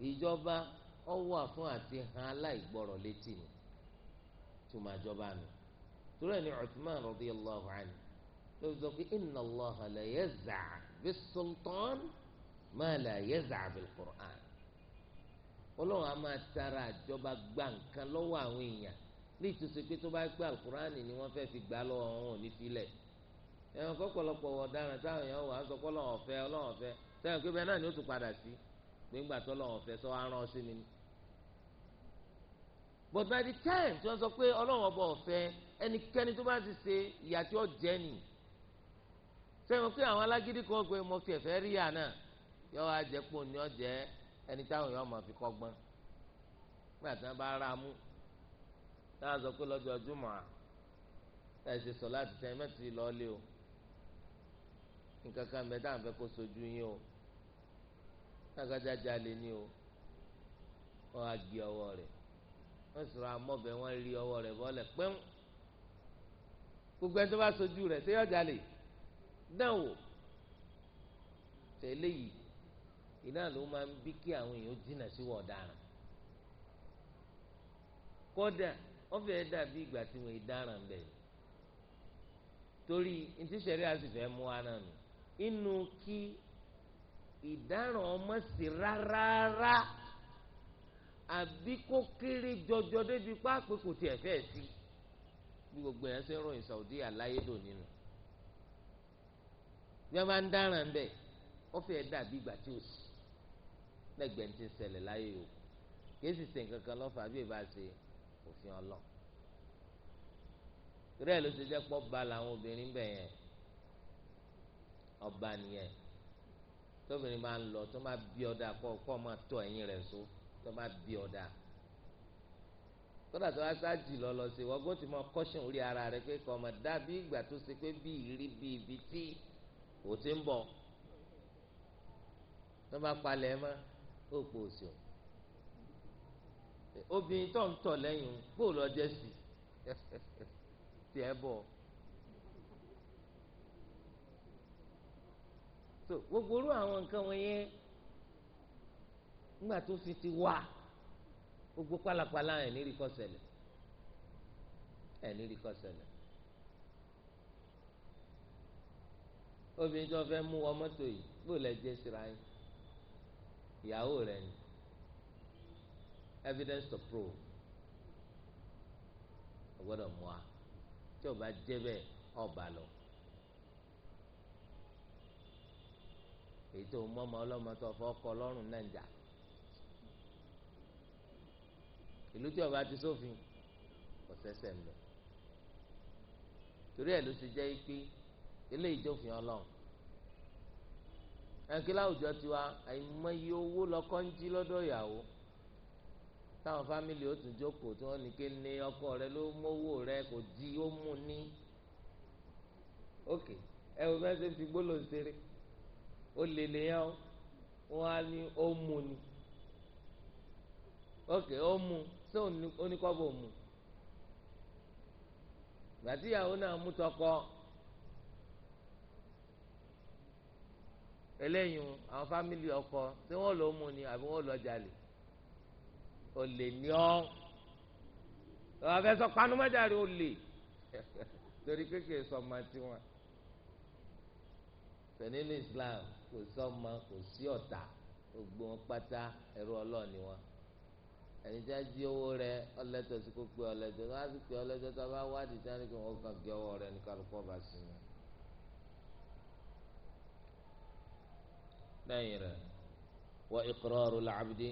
ìjọba ọ wà fún àti han aláìgbọrọ létí ni tùmọ̀ àjọba nù torí ẹni Uthman radiyallahu anhu ló sọ pé inna Allaha la sultan ma quran a máa tara àjọba gba nǹkan àwọn èèyàn ní ìtòsí pé tó bá pé alukurani ni wọ́n fẹ́ fi gbà lọ́wọ́ wọn ò ní filẹ̀ ẹ̀wọ̀n kọ́pọ̀lọpọ̀ táwọn èèyàn wà á sọ pé Ọlọ́hun fẹ́ Ọlọ́hun fẹ́ sẹ́wọ̀n pé bẹ́ẹ̀ náà ni ó tún padà sí gbẹ̀ngbà tó Ọlọ́hun fẹ́ sọ aràn sí mi. but by the time tí wọ́n sọ pé Ọlọ́hun ọba ọ̀fẹ́ ẹnikẹ́ni tó bá ti ṣe ìyà tí ó jẹ́ nì sẹ́wọ̀n pé àwọn alágídí kan gbé mo fi ẹ̀fẹ́ rí àná yọ wá jẹ́ pò ní ọ̀jẹ́ ẹni táwọn èèyàn mọ̀ fi kọ́gbọ́n náà sọ pé lọ́jọ́ júmọ̀ à ẹ̀sìn sọ láti tẹ̀ mẹ́tì lọ́ọ́lé o nǹkan kan bẹ́ẹ̀ dáhùn fẹ́ kó sojú yín o lágbájá jalè ni o wọ́n á gbé ọwọ́ rẹ̀ wọ́n sọ̀rọ̀ amọ́bẹ̀ wọ́n rí ọwọ́ rẹ̀ bọ́lẹ̀ pẹ́ń gbogbo ẹni tó bá sojú rẹ̀ ṣé yọ jalè náà wò tẹ̀lé yìí iná ló máa ń bí kí àwọn èèyàn jìnnà sí wọ̀ ọ̀daràn kódà wọ́n fẹ́ẹ́ dàbí ìgbà tí wọ́n dáràn bẹ́ẹ̀ torí ntíṣẹ́rí àsìfẹ́ mú wa náà nù inú kí ìdáràn ọmọ sí rárára àbí kó kéré jọjọ débi pápẹ́ kò tiẹ̀ fẹ́ sí bí gbogbo yẹn ṣe ń ròyìn Saudi aláyédò nínú bí wọ́n bá ń dáràn bẹ́ẹ̀ wọ́n fẹ́ẹ́ dàbí ìgbà tí ò sí lẹ́gbẹ̀ẹ́ ti ń láyé o kí èsì sèǹkankan lọ́fà bí èèbá ṣe òfin ọlọ́run torí ẹ̀ ló ṣe jẹ́ pọ́ ba làwọn obìnrin bẹ̀ yẹn ọba nìyẹn tóbìnrin máa ń lọ tó máa bí ọ̀dà kọ́ kọ́ máa tọ́ ẹ̀yìn rẹ̀ so tó máa bí ọ̀dà kódà tó wá sáàjì lọ́lọ́ sí wọ́n gbọ́dọ̀ mọ kọ́ṣìn orí ara rẹ̀ pé kọ́ ọmọ dàbí ìgbà tó ṣe pé bí ìrí bí ibi tí kò ti ń bọ̀ tó bá palẹ̀ mọ́ ó pò obìnrin tó ń tọ̀ lẹ́yìn bóòlù ọjọ́ sí (laughs) tiẹ̀ bọ̀. so gbogbo orú àwọn nǹkan wọ̀nyẹn nígbà tó fi ti wà gbogbo pálapàla ẹ̀ ní ìrìkọ́ ṣẹlẹ̀ ẹ̀ ní ìrìkọ́ ṣẹlẹ̀ obìnrin tó fẹ́ mú wọ mọ́tò yìí bóòlù ẹjẹ́ síra yín ìyàwó rẹ̀ ni evidence to prove o gbọ́dọ̀ mú a tí o bá jẹ́ bẹ́ẹ̀ ọba lọ èyí tó mú ọmọ ọlọ́mọ tó fọ́ kọ lọ́rùn náà jà ìlú tí ọba ti sófin kò sẹ́sẹ̀ ń lọ torí ẹ̀ ló ti jẹ́ pé ilé ìjọfin ọlọ́run ẹnkí láwùjọ tiwa àìmọye owó lọkọ ń jí lọ́dọ̀ ìyàwó táwọn fámìlì ó tún jókòó tí wọ́n ní ké ní ọkọ rẹ ló mówó rẹ kò di ó mú ní ok ẹ wò fẹ́ ṣe fi gbólò ṣeré ó lè lè yẹn o wọ́n á ní ó mú ni ok ó mú ṣé ó ní kọ́ bò mú gbàtíyàwó náà mú tọkọ eléyìí àwọn fámìlì ọkọ tí wọ́n lọ mú ni àbí wọ́n lọ jalè olè ní ọ́ ọ̀fẹ́sọ panumẹ́dàrí olè torí kékeré sọmọ tiwọn pẹ̀lú Islam kò sọmọ kò sí ọ̀tá gbogbo wọn pátá ẹrú ọlọ́ọ̀ni wọn ẹni tí a jí owó rẹ ọlẹ́tọ̀ sí kó pé ọlẹ́tọ̀ wọn á sì pé ọlẹ́tọ̀ tó a bá wádìí tí wọn kì wọn kàn gé ọwọ́ rẹ ní kálukọ́ bá sí wọn. lẹ́yìn rẹ̀ wọ́n iqrarul abdi.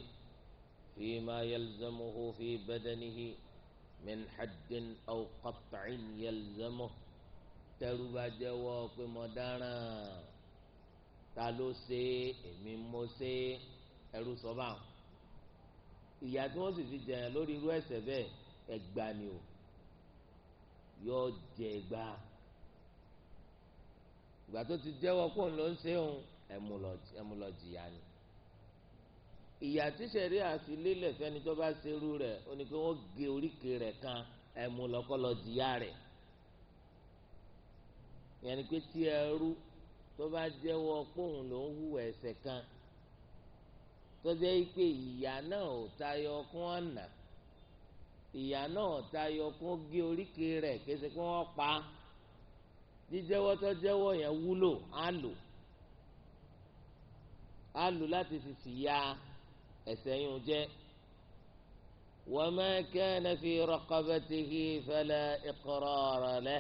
فيما يلزمه في بدنه من حد أو قطع يلزمه تربى jẹ́wọ́ pé تلوسي dáràn ta ló ṣe èmi mo ṣe ẹrú sọba ìyà tí wọ́n sì fi jẹyàn lórí irú ẹ̀ṣẹ̀ bẹ́ẹ̀ ẹgbà ni o yóò jẹ ẹgbà ìgbà tó ti jẹ́wọ́ pé òun ló ń ṣe òun ẹmu lọ jìyà ni ìyà tí sẹ̀rí àfi lélẹ̀ fẹ́ni tó bá serú rẹ̀ ó ní pé wọ́n gé oríkèé rẹ̀ kan ẹ̀mú lọ́kọ́lọ́ jìyà rẹ̀ ìyẹn ni pé tí ẹrú tó bá jẹ́wọ́ póun ló ń hùwà ẹ̀ṣẹ̀ kan tó jẹ́ pé ìyà náà ò tayọ kún ọ̀nà ìyà náà ò tayọ kún gé oríkèé rẹ̀ kése kí wọ́n pa jíjẹ́wọ́ tó jẹ́wọ́ yẹn wúlò á lò á lò láti fi fìyà. Si ẹ̀ṣẹ̀ yìí jẹ́ wa ma kana fi raqabatihi fala iqrara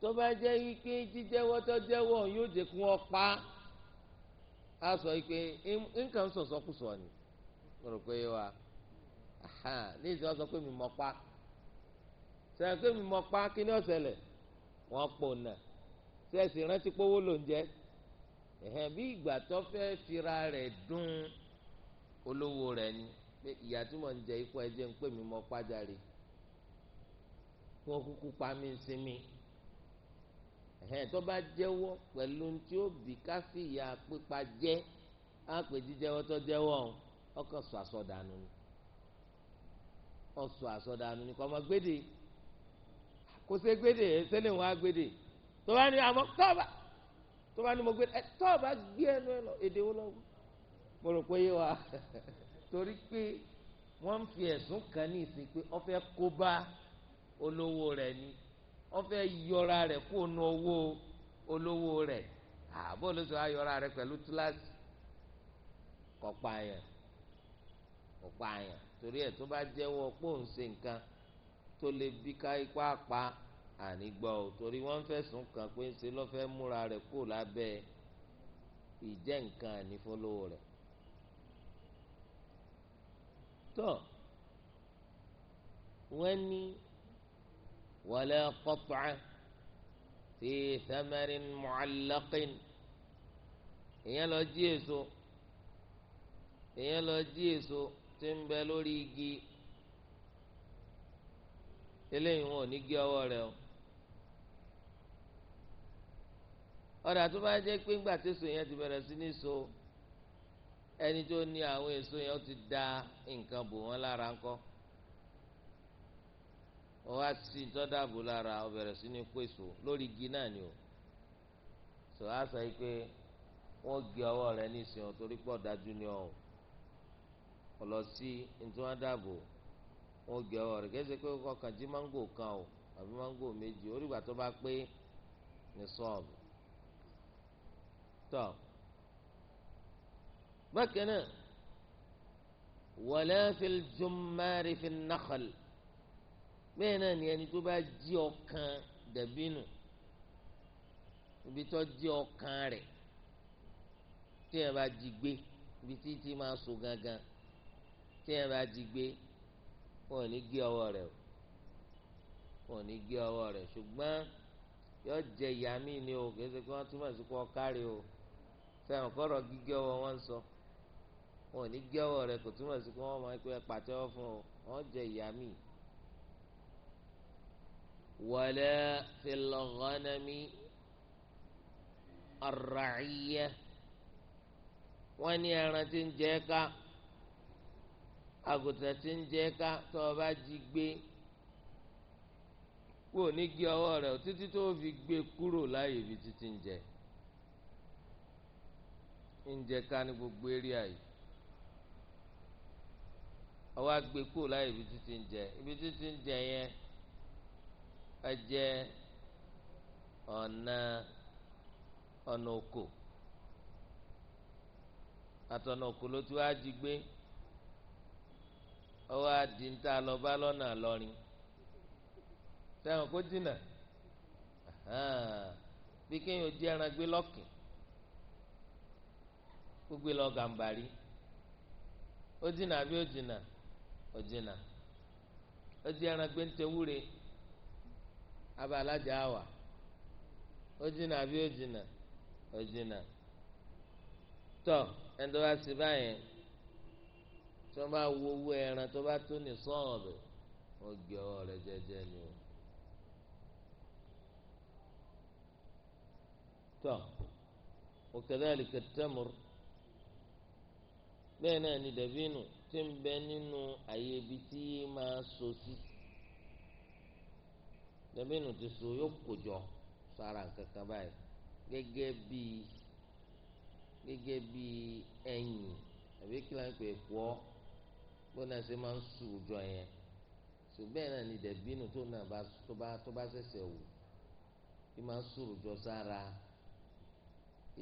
tó bá jẹ́ ike jíjẹ́wọ́ tó je yóò jẹ́ kí wọ́n pa ike sọ pé nǹkan sọ̀sọ́kùsọ ni mo rò pé wa ní ìsọ́ sọ pé mi mọ̀ pa sọ pé mi mọ̀ pa kí ni ó se le, pò nà sẹ́sì rántí pé owó ló ń jẹ́ ẹ̀hẹ́n bí ìgbà tó fẹ́ fira olówó rẹ̀ ni pé ìyá tí mò ń jẹ ikú ẹjẹ ń pè mí mọ́ pàjáre wọ́n kúkú pa mí sinmi ẹ̀hẹ́n tó bá jẹ́wọ́ pẹ̀lú tí ó bì káfíìyà pípa jẹ́ á pè jíjẹ́wọ́ tó jẹ́wọ́ ọkàn sọ àsọdànù ni ọsọ àsọdànù ni kò ọmọ gbèdè kò sí gbèdè sẹ́lẹ̀ wọn á gbèdè tó bá ní àmọ́ tọ́ọ̀bà tó bá ní mo gbèdè tọ́ọ̀bà gbé ẹnu ẹ lọ èdè wọn lọ́wọ́ mo rò pé yé wa (laughs) torí pé wọ́n ń fi ẹ̀sùn kan ní ìsìn pé ó fẹ́ kó bá olówó rẹ̀ ni ó fẹ́ yọra rẹ̀ kó nu owó olówó rẹ̀ àbọ̀ ló sọ ayọra rẹ̀ pẹ̀lú túláàsì kọ̀pá yẹn kọ̀pá yẹn torí ẹ̀ tó bá jẹ́wọ́ pé òun ṣe nǹkan tó lè bí ká ipá pa ànígbọ́ ò torí wọ́n ń fẹ̀sùn kàn pé ń ṣe ló múra rẹ̀ kó lábẹ́ ìjẹ́ nǹkan ànífọ́lówó rẹ̀ tọ́ wọ́n ní wala qat'a fi thamarin mu'allaqin èèyàn lọ jí èso èèyàn lọ jí èso tí ń bẹ lórí igi eléyìí wọn ò ní gé ọwọ́ rẹ̀ o ọ̀dà tó bá jẹ́ pé ńgbà tí èso yẹn ti bẹ̀rẹ̀ sí ní so ẹni tó ní àwọn èso yẹn ti da nǹkan bò wọ́n lára ńkọ́ ó wá sí tọ́dàbò lára ó sí ní pèsò lórí igi náà ni o sọ á sọ yìí pé wọ́n gé ọwọ́ rẹ̀ nísìnyí ọ̀ torí pọ̀ dájú ni ọ̀hún ọ̀lọ́ sí ntúwádàbò wọ́n gé ọwọ́ rẹ̀ kẹ́sẹ̀ pé ọkàn jí máńgò kan o àbí máńgò méjì orí ìgbà tó bá pé ní sọ́ọ̀bù tọ́ bákan náà wala fil jummari fin nakhal bẹ́ẹ̀ náà ni ẹni tó bá jí ọkàn dàbínù ibi tó jí ọkàn rẹ̀ tí ẹ bá jí gbé ibi tí tí máa so gangan tí ẹ bá jí gbé wọn ò ní gé ọwọ́ rẹ̀ wọn ò ní gé ọwọ́ rẹ̀ ṣùgbọ́n yọ jẹ ìyá ni o kì í ṣe kí wọ́n túmọ̀ sí kó ọ o fẹ́ràn kọ́rọ̀ gígé ọwọ́ wọn sọ. So wọn ò ní gẹ́wọ̀ rẹ kò túmọ̀ sí pé wọ́n máa pẹ́ pàtẹ́wọ́ fún ọ wọ́n jẹ ìyá mi. wala fil ghanami wọ́n ní ẹran tí ń jẹ́ ká àgùntàn tí ń jẹ́ ká tó o bá jí gbé kó o ní gé ọwọ́ rẹ títí tó o fi gbé kúrò láàyè ibi títí ń jẹ ń jẹ ká ní gbogbo eré àyè. ọwọ́ agbe kúrò láyé ibi títí ń jẹ ibi títí ń jẹ yẹn ẹ jẹ ọ̀nà ọ̀nà òkò àtọ̀nà òkò ló ti wá jí gbé ọwọ́ adi ń lọ́nà lọ́rin sẹ́wọ̀n kó dínà bí kéèyàn di ẹran gbé lọ́kìn gbogbo lọ rí, ó dínà bí ó dínà. ọ̀jìnà ó di ẹran gbẹ́ntẹ́wúre abẹ́ alájà àwà ọ̀jìnà àbí ọ̀jìnà ọ̀jìnà tọ ẹni tó bá ṣe báyẹn tó bá wo owó ẹran tó bá tó ní sọ́ọ̀bù wọ́n gbé ọwọ́ rẹ̀ jẹ́jẹ́ ni o. tọ وكذلك التمر بين أن دبينه tí ń bẹ nínú àyè ibi tí máa so sí dàbínù ti so yóò kó jọ sára nǹkan kan báyìí gẹ́gẹ́ bíi gẹ́gẹ́ bíi ẹ̀yìn àbí kíláà pé pọ́ bóńdà ṣe máa ń sùn jọ yẹn ṣùgbọ́n náà ni dàbínù tó náà bá tó bá tó bá ṣẹ̀ṣẹ̀ wù bí máa ń sùn jọ sára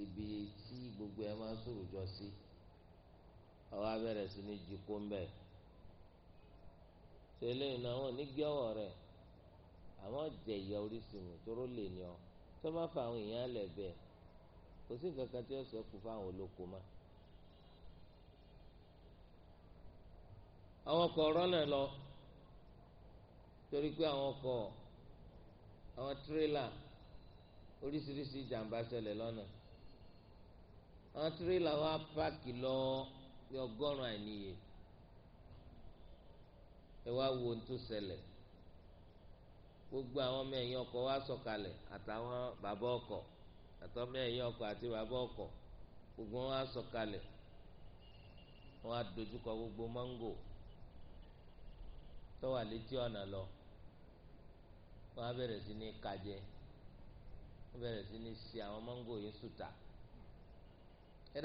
ibi tí gbogbo ẹ̀ máa ń sùn jọ sí. Si àwa bẹ̀rẹ̀ sí ní jikó mbẹ́ tẹ́lẹ̀ náà wọn ní gbẹ́wọ̀ rẹ̀ àwọn jẹ ìyá orísìmù tóró lè ní ọ tó bá fa àwọn èèyàn lẹ̀ bẹ́ẹ̀ kò sí nǹkan kan tí ó sọ kù fáwọn olóko mọ́. àwọn ọkọ̀ rọ́nà lọ torí pé àwọn ọkọ̀ àwọn tírélà oríṣiríṣi ìjàmbá ṣẹlẹ̀ lọ́nà àwọn tírélà wa páàkì lo. yọ ọgọ́rùn àìníye ẹ wá wo ohun tó ṣẹlẹ̀ gbogbo àwọn ọmọ ẹ̀yìn ọkọ wá sọ̀kalẹ̀ àtàwọn bàbá ọkọ ẹ̀yìn ọkọ àti bàbá gbogbo wọn wá sọ̀kalẹ̀ wọn á gbogbo mango tó létí ọ̀nà lọ wọn á bẹ̀rẹ̀ sí ní kajẹ wọn bẹ̀rẹ̀ sí ní ṣe àwọn yìí sùtà ẹ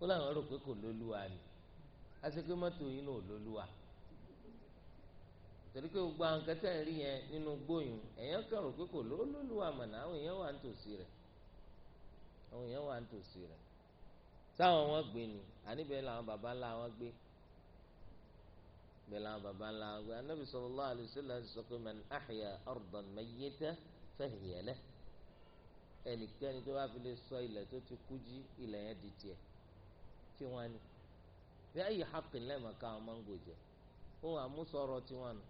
ó láwọn rò pé kò lólúwa ni àṣepé mọ́tò yìí náà ò lólúwa torí pé gbogbo àwọn kẹtẹ ń rí yẹn nínú gbóyún èèyàn kàn rò pé kò lólúwa mọ̀nà àwọn èèyàn wà nítòsí rẹ̀ àwọn èèyàn wà nítòsí rẹ̀ sáwọn wọn gbé ni àníbẹ̀ làwọn baba ńlá wọn gbé bẹ̀ làwọn baba ńlá wọn gbé anábì sallallahu alaihi wasallam sọ pé man ahya ardan mayyita ẹnikẹ́ni tó bá fi lè sọ ilẹ̀ tó ti kú jí ilẹ̀ yẹn di tiẹ̀ tiwọn ni bí ayé haqqin lẹ́ẹ̀ma ká ọmọ mango jẹ ohun àmúsọ̀rọ̀ tiwọn nù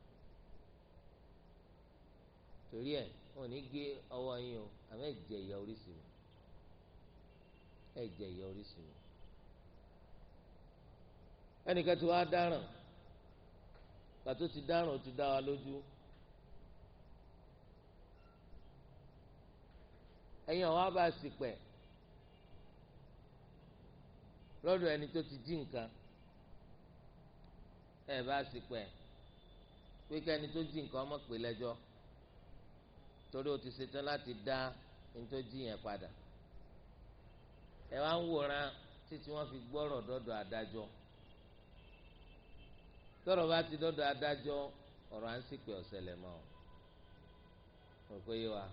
torí ẹ wọn ní gé ọwọ́ yín o àmọ́ ẹ̀jẹ̀ ìyá oríṣi mi ẹ̀jẹ̀ ìyá oríṣi mi ẹnìkan tí wàá dáràn pàtó ti dáràn ó ti dá wa lójú ẹ̀yin àwọn abá sì pẹ̀. lọ́dọ̀ ẹni tó ti jí nǹkan ẹ bá sì pẹ́ pé kẹ́ni tó jí nǹkan ọmọ pè lẹ́jọ́ torí o ti ṣetán láti dá ẹni tó jí yẹn padà ẹ wá ń wòran títí wọ́n fi gbọ́rọ̀ dọ́dọ̀ adájọ́ tọ́rọ̀ bá ti dọ́dọ̀ adájọ́ ọ̀rọ̀ à ń sì pé ọ̀sẹ̀lẹ̀ mọ́ ọ rò wa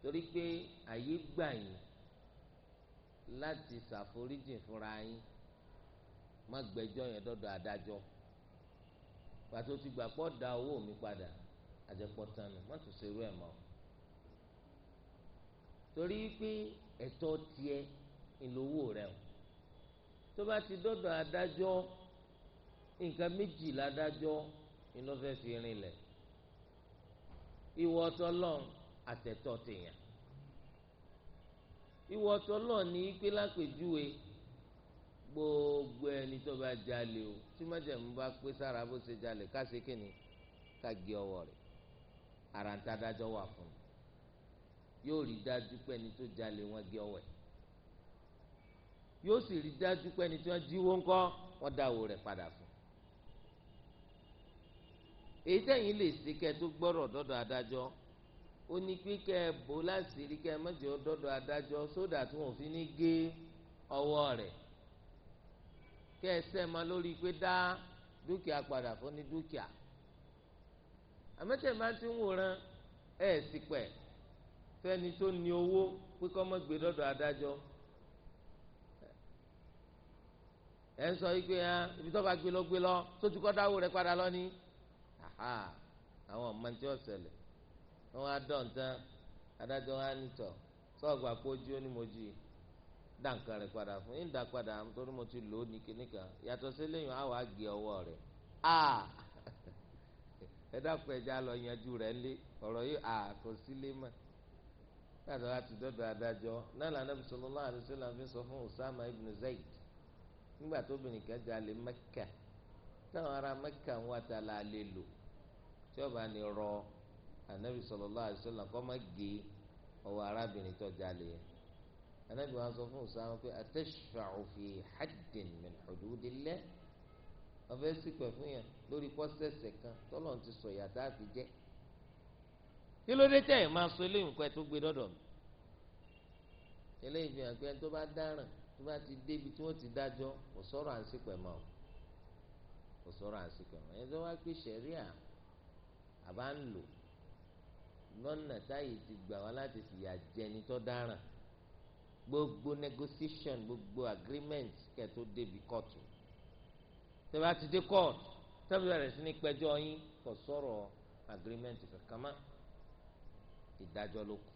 torí pé àyè gbà yín láti ṣàforíjì fúnra yín má gbẹ́jọ́ yẹn dọ́dọ̀ adájọ́ pàtó ti gbà pọ̀ da owó mi padà àjẹpọ̀ tanu má tún ṣerú ẹ̀ mọ́ torí pé ẹ̀tọ́ tiẹ̀ ìlówó rẹ̀ o tó bá ti dọ́dọ̀ adájọ́ nǹkan méjì ládájọ́ ìlọ́fẹ́ fi rinlẹ̀ ìwọ ọtọ́ lọ́n àtẹ̀tọ́ tèèyàn ìwọ tọ́lọ̀ ní pé lápèjúwe gbogbo ẹni tó bá jalè o tí májèmú bá pé sára bó ṣe jalè ká ṣe kíni ká gé ọwọ́ rẹ̀ ara ń tadájọ́ wà fún un yóò rí dájú pé ẹni tó jalè wọn gé ọwọ́ ẹ̀ yóò sì rí dájú pé ẹni tí wọ́n jíwó ńkọ́ wọ́n dáwó rẹ̀ padà fún un èyí tẹ̀yìn lè ṣe kẹ́ tó gbọ́rọ̀ dọ́dọ̀ adájọ́ ó ní pé kẹ ẹ bò láti rí kẹ ẹ mọ̀jẹ̀ ọdọ́dọ̀ adájọ́ sódà tí wọ́n fi ní gé ọwọ́ rẹ̀ kẹ ẹ sẹ́ẹ̀mọ́ lórí pé dá dúkìá padà fún ní dúkìá àmọ́tẹ̀ máa ti ń wòran ẹ̀ sì pẹ̀ fẹ́ni tó ní owó pé kọ́ mọ́ gbé dọ́dọ̀ adájọ́ ẹ̀ ń sọ yìí pé ah, ibi tó bá gbé lọ gbé lọ tó kọ́ dáwó rẹ̀ padà lọ ní àwọn ọmọ tí ó ṣẹlẹ̀ wọn wá dọ̀ ntán adájọ́ wa ní tọ̀ sọ́ọ̀gbà pójú ó ní mo jì dànkà rẹ̀ padà fún yín dà padà nítorí mo ti lò ó ní yàtọ̀ àwọn àgé ọwọ́ rẹ̀ a (laughs) ẹ dákun ẹja lọ yanjú rẹ̀ lé ọ̀rọ̀ yìí a kò sí mọ́ káàtó adájọ́ náà lànà fi sọ fún Usama ibn Zayd nígbà tóbìnrin kan jalè Mẹ́kà táwọn ará Mẹ́kà ń wá ta la anabi sallallahu alaihi wasallam kọ́ má gé ọwọ́ arábìnrin tó jalè yẹn anabi wa sọ fún Usama pé atashfa'u fi haddin min hududillah ọ̀fẹ́ ṣìpẹ̀ fún yẹn lórí pọ́sẹ̀sẹ̀ kan tọ́lọ̀ ti sọ yàtá àfi jẹ́ kí ló dé tẹ̀yìn máa sọ eléyìí nǹkan tó gbé dọ́dọ̀ mi eléyìí fi hàn pé ẹni tó bá dáràn tó bá ti débi tí wọ́n ti dájọ́ kò sọ̀rọ̀ à ń ṣìpẹ̀ mọ́ kò sọ̀rọ̀ à ń ṣìpẹ̀ mọ́ ẹni tó wá pé ṣẹ̀ríà àbá ń lò lọ́nà táyì ti gbà wá láti fìyà jẹni tó dáràn gbogbo negotiation gbogbo agreement kẹtó débi kóòtù tẹ́lá ti dé kóòtù tẹ́lá bẹ̀rẹ̀ sí ní pẹ́jọ́ yín kò sọ̀rọ̀ agreement kankan mọ́ ìdájọ́ ló kù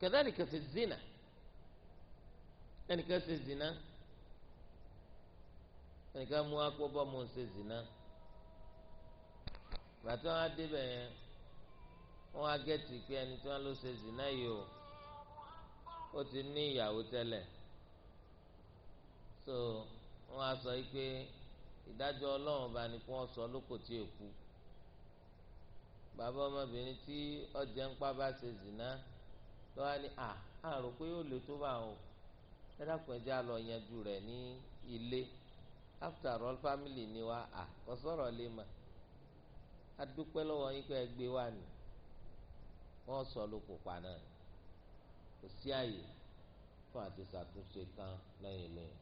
kadhalika fi zina ẹnìkan ṣe zina ẹnìkan mú akpọ́ bọ́ mọ́ ṣe zina bàtà wọn adébẹ̀ yẹn wọ́n á gẹ́tì pé ẹni tí wọ́n lọ ṣe zina yìí o ó ti ní ìyàwó tẹ́lẹ̀ so wọ́n á sọ pé ìdájọ́ ọlọ́run bá ní kí wọ́n sọ lóko tí ò kú bàbá ọmọbìnrin tí ọjà ń pa bá ṣe zina lọ́wọ́ ni à á pé yóò lè tó bá wọn ẹ dákun ẹjẹ́ á lọ yanjú rẹ̀ ní ilé after all family ni wa à kò sọ̀rọ̀ lè mà á dúpẹ́ lọ́wọ́ yín pé ẹ gbé wa wọ́n sọ ló kò pa náà kò sí àyè fún àti ṣàtúnṣe kan lẹ́yìn lẹ́yìn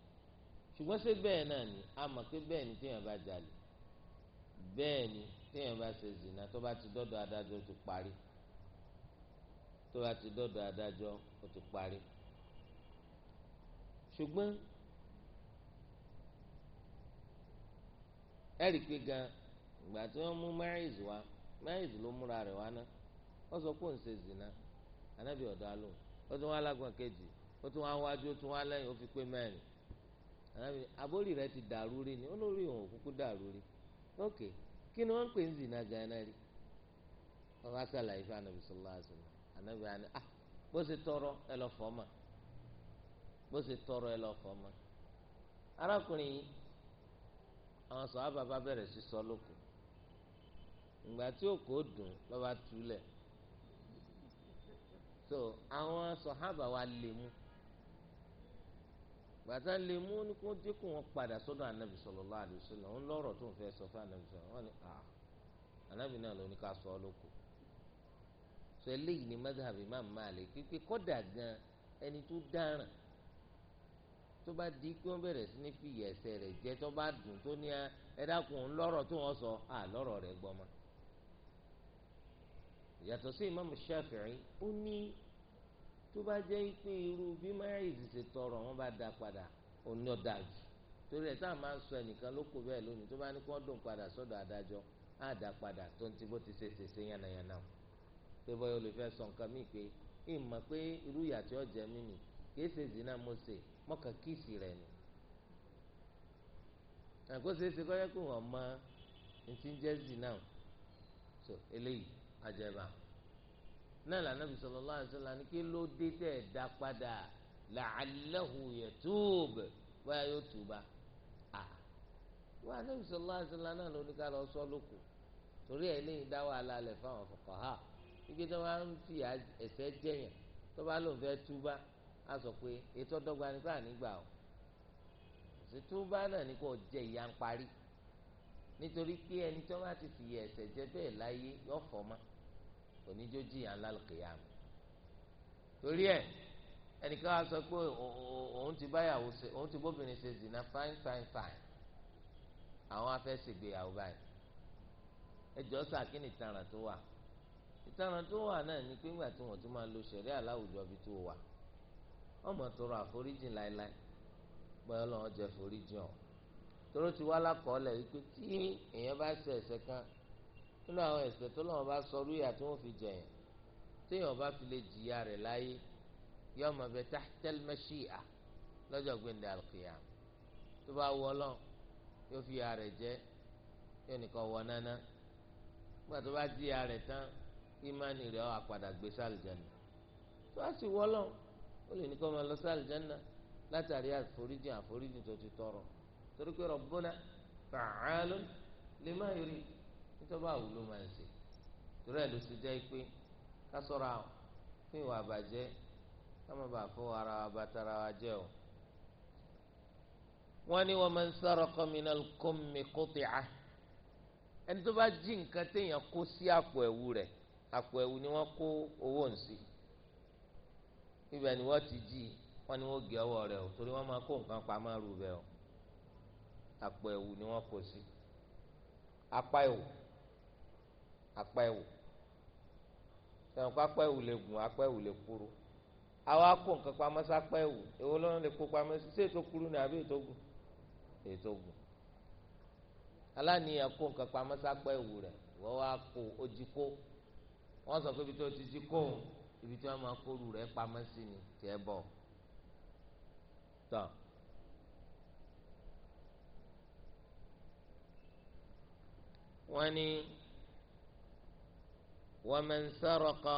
ṣùgbọ́n ṣé bẹ́ẹ̀ náà ni a mọ̀ pé bẹ́ẹ̀ ni téèyàn bá jalè bẹ́ẹ̀ ni téèyàn bá ṣe zìnà tó bá ti dọ́dọ̀ adájọ́ ti parí tó bá ti dọ́dọ̀ adájọ́ ó ti parí ṣùgbọ́n ẹ̀rì pé gan ìgbà tí wọ́n mú mẹ́rìnz wá ló múra rẹ̀ wá náà wọ́n sọ pé òun ṣe zina anabi ọ̀dọ́ alóhùn ó tún wá lágbọ̀n kejì ó tún wá wájú ó tún wá lẹ́yìn ó fi pé mẹ́rin anabi abórí rẹ ti dàrú ni olórí òun òkúkú dàrú rí ok kí ni wọ́n ń pè ń zina gánà rí wọ́n sàlàyé fún anabi sọlá àṣìlá anabi àni ah bó ṣe tọrọ ẹ lọ fọmọ bó ṣe tọrọ ẹ lọ fọmọ arákùnrin yìí àwọn sọ àbàbà bẹ̀rẹ̀ sí sọ lóko ìgbà tí òkò dùn lọ́ba túlẹ̀ so àwọn sọ̀hábà wa lè mú gbàtà lè mú ní kó dínkù wọn padà sọ́dọ̀ anabi sallallahu alaihi wasallam wọn lọ́rọ̀ tó ń fẹ́ sọ fún anabi sọlọ wọn ni ah anabi náà ló ní ká sọ ọ lóko so eléyìí ni madhabi imam Malik pípé kọ́dà gan ẹni tó dáràn tó bá di pé wọn bẹ̀rẹ̀ sí ní fìyà ẹsẹ̀ rẹ̀ jẹ tó bá dùn tó ní ẹ dákun ńlọ́rọ̀ tó wọn sọ à ah, lọ́rọ̀ rẹ̀ gbọmọ yàtọ̀ sí imam shafi'i ó ní tó bá jẹ́ pé irú bí mayiz ṣe tọrọ wọn bá da padà òun ni ó dáa jù torí ẹ̀ tá a máa ń sọ ẹnìkan ló kó bẹ́ẹ̀ lónìí tó bá ní kó dùn padà sọ́dọ̀ adájọ́ á dá padà tó ń ti bó ti ṣe ṣèṣe yànnàyànnà pé bọ́yọ̀ olùfẹ́ sọ nǹkan míì pé ìmọ̀ pé irú ìyà tí ó nì kìí ṣe zina mo ṣe mọ́kàn kíìsì rẹ̀ ni àkóso ṣe kọ́ yẹ kó wọ́n mọ so eléyìí àjẹbà náà lànà bí sallallahu alaihi wasallam ní kí ló dé tẹ̀ dá padà la'allahu yatub bóyá yóò túba à wọ́n àná bí sallallahu alaihi wasallam náà ló ní ká lọ sọ́ lóko torí ẹ̀ lẹ́yìn dá wàhálà lẹ̀ fáwọn fuqaha igi tó bá ń fi ẹsẹ̀ jẹyàn tó bá lòun fẹ́ túbá a sọ pé ètò ọdọ́gba nípa nígbà o sì túbá náà ní kò jẹ ìyá ń parí nítorí pé ẹni tó bá ti fìyà ẹ̀ṣẹ̀ jẹ bẹ́ẹ̀ láyé yọ fọ́ ma oníjó jìyà ńlá lùkìyàmù torí ẹ ẹnìkan á sọ pé òun ti báyàwó ṣe òun ti bóbìnrin ṣe zina fine fine fine àwọn afẹ́ ṣègbéyàwó báyìí ẹjọ́ sà kí ni ìtaràn tó wà ìtaràn tó wà náà ni pé ńgbà tí wọ́n tún máa lo ṣẹ̀rí aláwùjọ bí tó wà ọmọ tọrọ àforíjì láéláé bọ́ẹ̀ ọlọ́run jẹ́ foríjì ọ̀hún tọ́lọ́ ti wá lákọọ́lẹ̀ yìí pé tí èèyàn bá ṣe ẹ̀ṣẹ̀ kan nínú àwọn ẹ̀ṣẹ̀ tó lọ́wọ́ bá sọrú ìyà tí wọ́n fi jẹ̀yàn téèyàn bá fi lè jìyà rẹ̀ láyé yóò máa bẹ tahtal mashi'a lọ́jọ́ gbẹ̀ndẹ̀ al-qiyam tó bá wọ lọ́n yóò fi ìyà rẹ̀ jẹ yóò nìkan wọ nánà nígbà tó bá jìyà rẹ̀ tán ìmánì rẹ̀ ọ̀ àpàdà gbé sálìjẹ́nà tó bá sì wọ lọ́n ó lè nìkan máa lọ sálìjẹ́nà látàrí àforíjì àforíjì tó ti tọrọ torí pé Rabbuna fa'alun lima yuri nítorí àwùjọ máa ń ṣe torí ẹ̀ ló ti jẹ́ pé ká sọ̀rọ̀ àwọn fún ìwà àbàjẹ́ ká má bàa fọ ara wa bàtàrà wa jẹ́ o. wọ́n ní wa man saraqa minal kummi quti'ah ẹni tó bá jí nǹkan téèyàn kó sí àpò ẹ̀wù rẹ̀ àpò ẹ̀wù ni wọ́n kó owó ń sí ibẹ̀ ni wọ́n ti jí wọ́n ní wọ́n gé ọwọ́ rẹ̀ o torí wọ́n máa kó nǹkan pamọ́ rú bẹ́ẹ̀ o àpò ẹ̀wù ni wọ́n kó sí apá ẹ̀wù apá ẹ̀wù sẹ̀wọ̀n kó apá ẹ̀wù lè gùn apá ẹ̀wù lè kúrú àwa kó nǹkan pamọ́ sápá ẹ̀wù èwo ló ń lè kó pamọ́ sí sí ètò kúrú ni àbí ètò gùn ètò gùn aláníyàn kó nǹkan pamọ́ sápá ẹ̀wù rẹ̀ wọ́n wá kó ojì kó wọ́n sọ pé ibi tí wọ́n ti jí kó ibi tí wọ́n máa kóru rẹ̀ pamọ́ sí ni tiẹ̀ bọ̀ tán. So. wọ́n ní waman saraqa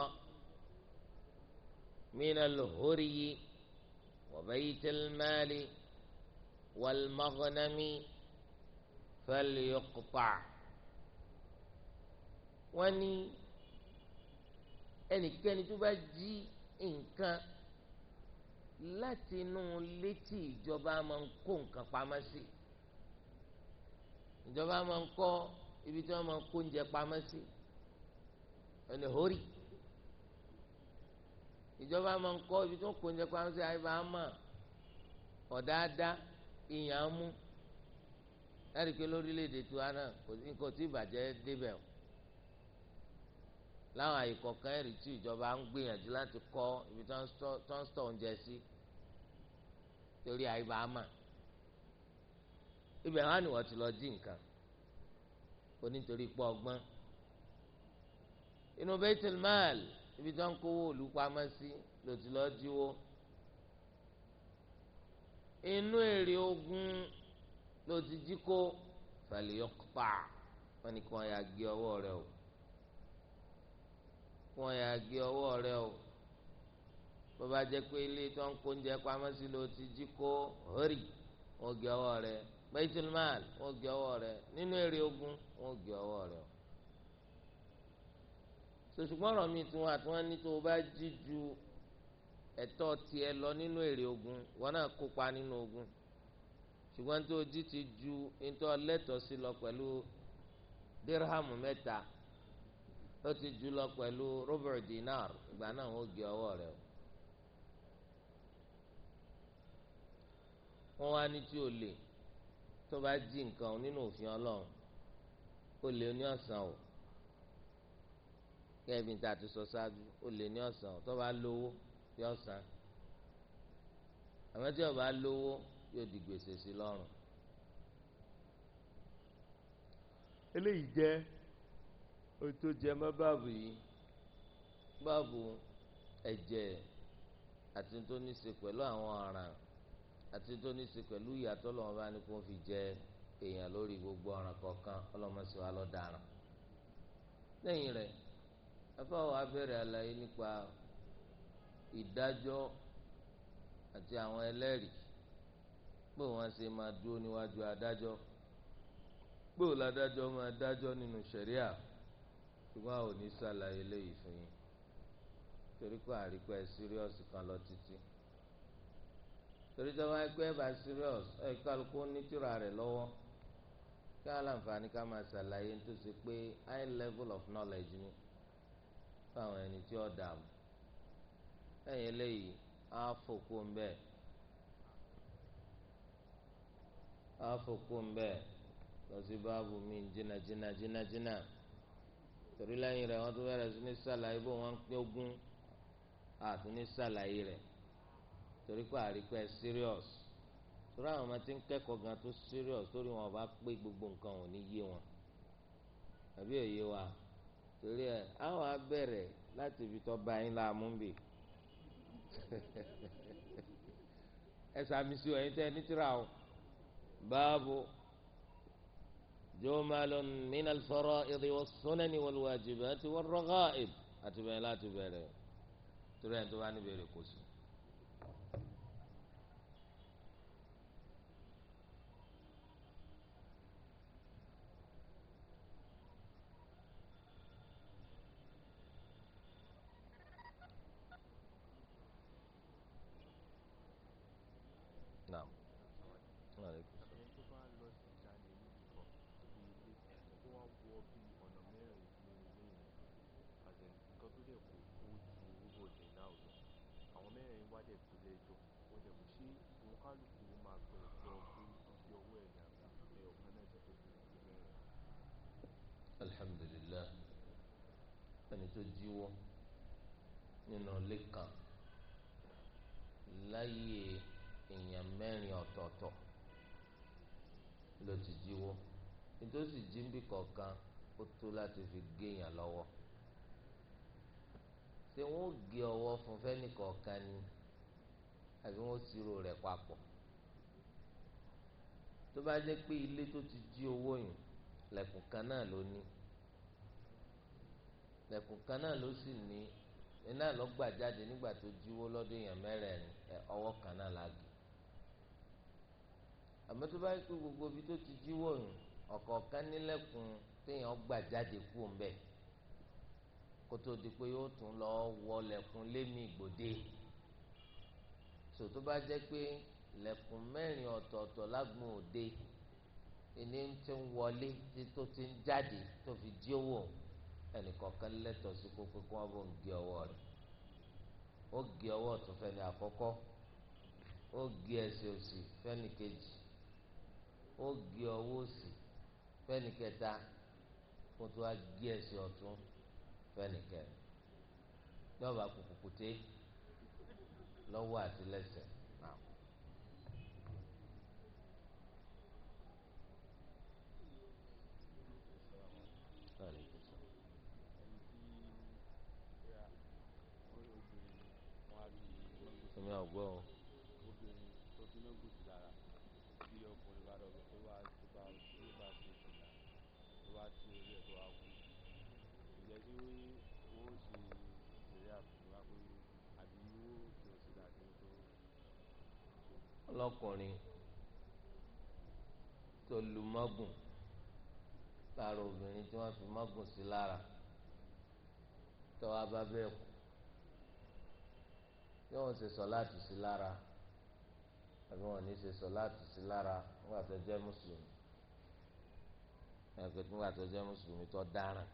minal huryi wa baytil mali wal maghnami falyuqta' wọ́n ní ẹnikẹ́ni tó bá jí nǹkan láti inú létí ìjọba máa ń kó nǹkan pamọ́ sí ìjọba máa ń kọ́ ibi tí wọ́n máa kó oúnjẹ pamọ́ sí ẹni hórì ìjọba máa ń kọ́ ibi tí wọ́n kó oúnjẹ pamọ́ sí àyíká àmà ọ̀dáadá ìyàn mú láti pé lórílẹ̀‐èdè tiwa náà kò sí nǹkan tí ìbàjẹ́ débẹ̀ o láwọn àyè kọ̀ọ̀kan ẹ̀rí tí ìjọba ń gbìyànjú láti kọ́ ibi tí wọ́n sọ oúnjẹ sí torí àyíká àmà ibẹ̀ wá ni wọ́n ti lọ jí nǹkan onítorí pọ̀ ọgbọ́n inú baitul mal ibi tí wọ́n ń kówó òlù pamọ́ sí ló ti lọ́ọ́ jíwó inú èrè ogun ló ti jí kó fàlẹ́yọ́pà wọ́n ní kí wọ́n yà gé ọwọ́ rẹ o kí wọ́n yà gé ọwọ́ rẹ o bó bá jẹ́ pé ilé tí wọ́n kó oúnjẹ pamọ́ sí ló hórì wọ́n gé ọwọ́ rẹ o. bẹ́tùlmáàlì wọ́n gé ọwọ́ rẹ̀ nínú èrè ogun wọ́n gé ọwọ́ rẹ̀ o. sòṣùgbọ́n ọ̀rọ̀ mi tún àti wọ́n ní tó o bá jí ju ẹ̀tọ́ tiẹ̀ lọ nínú èrè ogun wọn náà kópa nínú ogun ṣùgbọ́n tó o jí ti ju ntọ́ lẹ́tọ̀ọ́ sí lọ pẹ̀lú dirhamu mẹ́ta ó ti jù lọ pẹ̀lú robert dinar ìgbà náà wọ́n gé ọwọ́ rẹ̀ o. wọ́n wá ní tí o lè. tó bá jí nǹkan nínú òfin ọlọ́run ó lè ní ọ̀sán o kẹ́ẹ̀bí tá a sọ ṣáájú ó lè ní ọ̀sán o tó bá lówó yóò san àmọ́ tí ó bá lówó yóò di gbèsè sí lọ́rùn. eléyìí jẹ́ ohun tó jẹ mọ́ báàbù yìí báàbù ẹ̀jẹ̀ àti tó ní í ṣe pẹ̀lú àwọn ọ̀ràn àti tó ní ṣe pẹ̀lú ìyàtọ̀ lọ́wọ́ bá ní kó fi jẹ èèyàn lórí gbogbo ọ̀ràn kọ̀ọ̀kan ọlọ́mọṣẹ́ wa lọ́ọ́ daràn. lẹ́yìn rẹ̀ afáwọ̀ abẹ́rẹ́ àlàyé nípa ìdájọ́ àti àwọn ẹlẹ́rìí pé wọ́n ṣe máa dúró níwájú adájọ́ pé òun ládájọ́ máa dájọ́ nínú ṣẹ̀ríà ṣùgbọ́n àwọn ò ní ṣàlàyé fún yín torí pé àríkọ́ ẹ̀ síríọ́sì kan lọ títí torí tó wáyé pé ẹ̀bà serious ẹ̀ kálukú nítìrà rẹ̀ lọ́wọ́ kí aláǹfààní ká máa ṣàlàyé tó ṣe pé high level of knowledge ni fáwọn ẹni tí ó dààmú ẹ̀yìn eléyìí á fòkú ńbẹ á fòkú ńbẹ lọ sí báàbù mi jìnnà jìnnà jìnnà jìnnà torí lẹ́yìn rẹ̀ wọ́n tún bẹ̀rẹ̀ sí ní ṣàlàyé bó wọ́n ń pín ogún àti ní ṣàlàyé rẹ̀ torí pé àríkọ́ ẹ serious torí àwọn ọmọ tí ń kẹ́kọ̀ọ́ gan tó serious torí wọn bá pé gbogbo nǹkan ò ní yé wọn àbí òye wa torí ẹ àwọn abẹ́rẹ́ láti ibi tó bá yín láàmú bì (laughs) ẹ sàmì sí ẹ̀yin tẹ nítorá o báàbò jọ́mọ́lọ́n mìíràn fọ́rọ́ ìdíwọ́ sọ́nẹ́ni wọ́lúwàjìbẹ́ àti wọ́n rọ́gà ẹ̀ àti bẹ́ẹ̀ láti bẹ̀rẹ̀ torí ẹ̀ tó bá níbẹ̀rẹ̀ kò sí. tó jíwọ́ nínú ilé kan láyé èèyàn mẹ́rin ọ̀tọ̀ọ̀tọ̀ ló ti jíwọ́ nítòsí jíǹbì kọ̀ọ̀kan ó tó láti fi géèyàn lọ́wọ́ ṣé wọ́n ó gé ọwọ́ fún fẹ́ni kọ̀ọ̀kan ni àbí wọ́n ó ṣírò rẹ̀ papọ̀ tó bá jẹ́ pé ilé tó ti jí owó yìí lẹ̀kùn kan náà ló ní lẹ̀kùn kan náà ló sì ní iná lọ gbà jáde nígbà tó jíwó lọ́dọ̀ èèyàn mẹ́rẹ̀ẹ̀rin ọwọ́ kan náà lági àmọ́ tó bá kú gbogbo ibi tó ti jíwó yìí ọ̀kọ̀ọ̀kan nílẹ̀kùn téèyàn gbà jáde kú ń bẹ̀ kótó di pé yóò tún lọ wọlẹ̀kùn lémi ìgbòde so bá jẹ́ pé lẹ̀kùn mẹ́rin ọ̀tọ̀ọ̀tọ̀ lágbọ̀n òde ẹni tó ń wọlé tó ti ń jáde tó fi jí owó ẹnìkọ̀ọ̀kan lẹ́tọ̀ọ́ sí kókó kí wọ́n bò ń gé ọwọ́ rẹ̀ ó gé ọwọ́ ọ̀tún fẹ́ni àkọ́kọ́ ó gé ẹsẹ̀ òsì fẹ́ni kejì ó gé ọwọ́ òsì fẹ́ni kẹta kó tó wá gé ẹsẹ̀ ọ̀tún fẹ́ni kẹrin yọ̀ọ̀bà kùkùkùté lọ́wọ́ àti lẹ́sẹ̀. èmi ọgbọ o. obìnrin tó fi iná gùn sí lára tí ọkùnrin bá dọ̀gbọ́n tó bá tó bá tó bá ṣe ìlà tó bá ti orí ẹ̀ tó wá kú ìjẹ́ tí wọ́n ṣe ìrẹ́ àbùkù wá pé àbí yóò fi ọ̀sìn dàgbé tó. ọlọ́kùnrin tó lu mọ́gùn lára obìnrin tí wọ́n fi mọ́gùn sí lára tó wá bá bẹ́ẹ̀ kú tí wọ́n ṣe sọ láti sí lára àbí wọ́n ní ṣe sọ láti sí lára nígbà tó jẹ́ mùsùlùmí ẹ̀kọ́ nígbà tó jẹ́ mùsùlùmí tó dáràn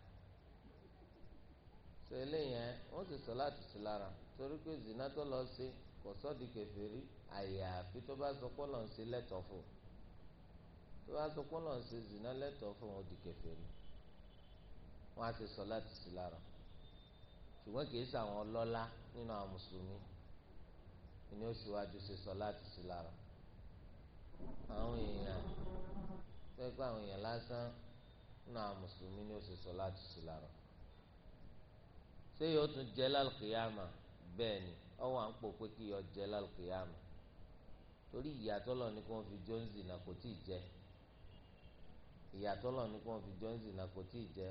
tó eléyẹn wọ́n ṣe sọ láti sí lára torí pé zina tó lọ sí kò sọ́ọ̀dì kẹfẹ́rí àyàfi tó bá sọ pé lọ́n ṣe lẹ́tọ̀ọ́ fún tó bá sọ pé lọ́n ṣe zina lẹ́tọ̀ọ́ fún wọn di kẹfẹ́rí wọ́n á ṣe sọ láti sí lára ṣùgbọ́n kì í ṣàwọn ọlọ́lá nínú àwọn mùsùlùmí ni ó ṣíwájú ṣe sọ láti sí lára àwọn èèyàn pẹ́pẹ́ àwọn èèyàn lásán na mùsùlùmí ni ó lati sọ láti sí lára ṣé yóò tún jẹ lálùkìyàmà bẹ́ẹ̀ ni ọwọ́ à ń pò pé kí yọ jẹ lálùkìyàmà torí ìyàtọ̀ lọ ni kí wọ́n fi jones náà kò tí ì jẹ ìyàtọ̀ lọ ni kí wọ́n fi jones náà kò tí ì jẹ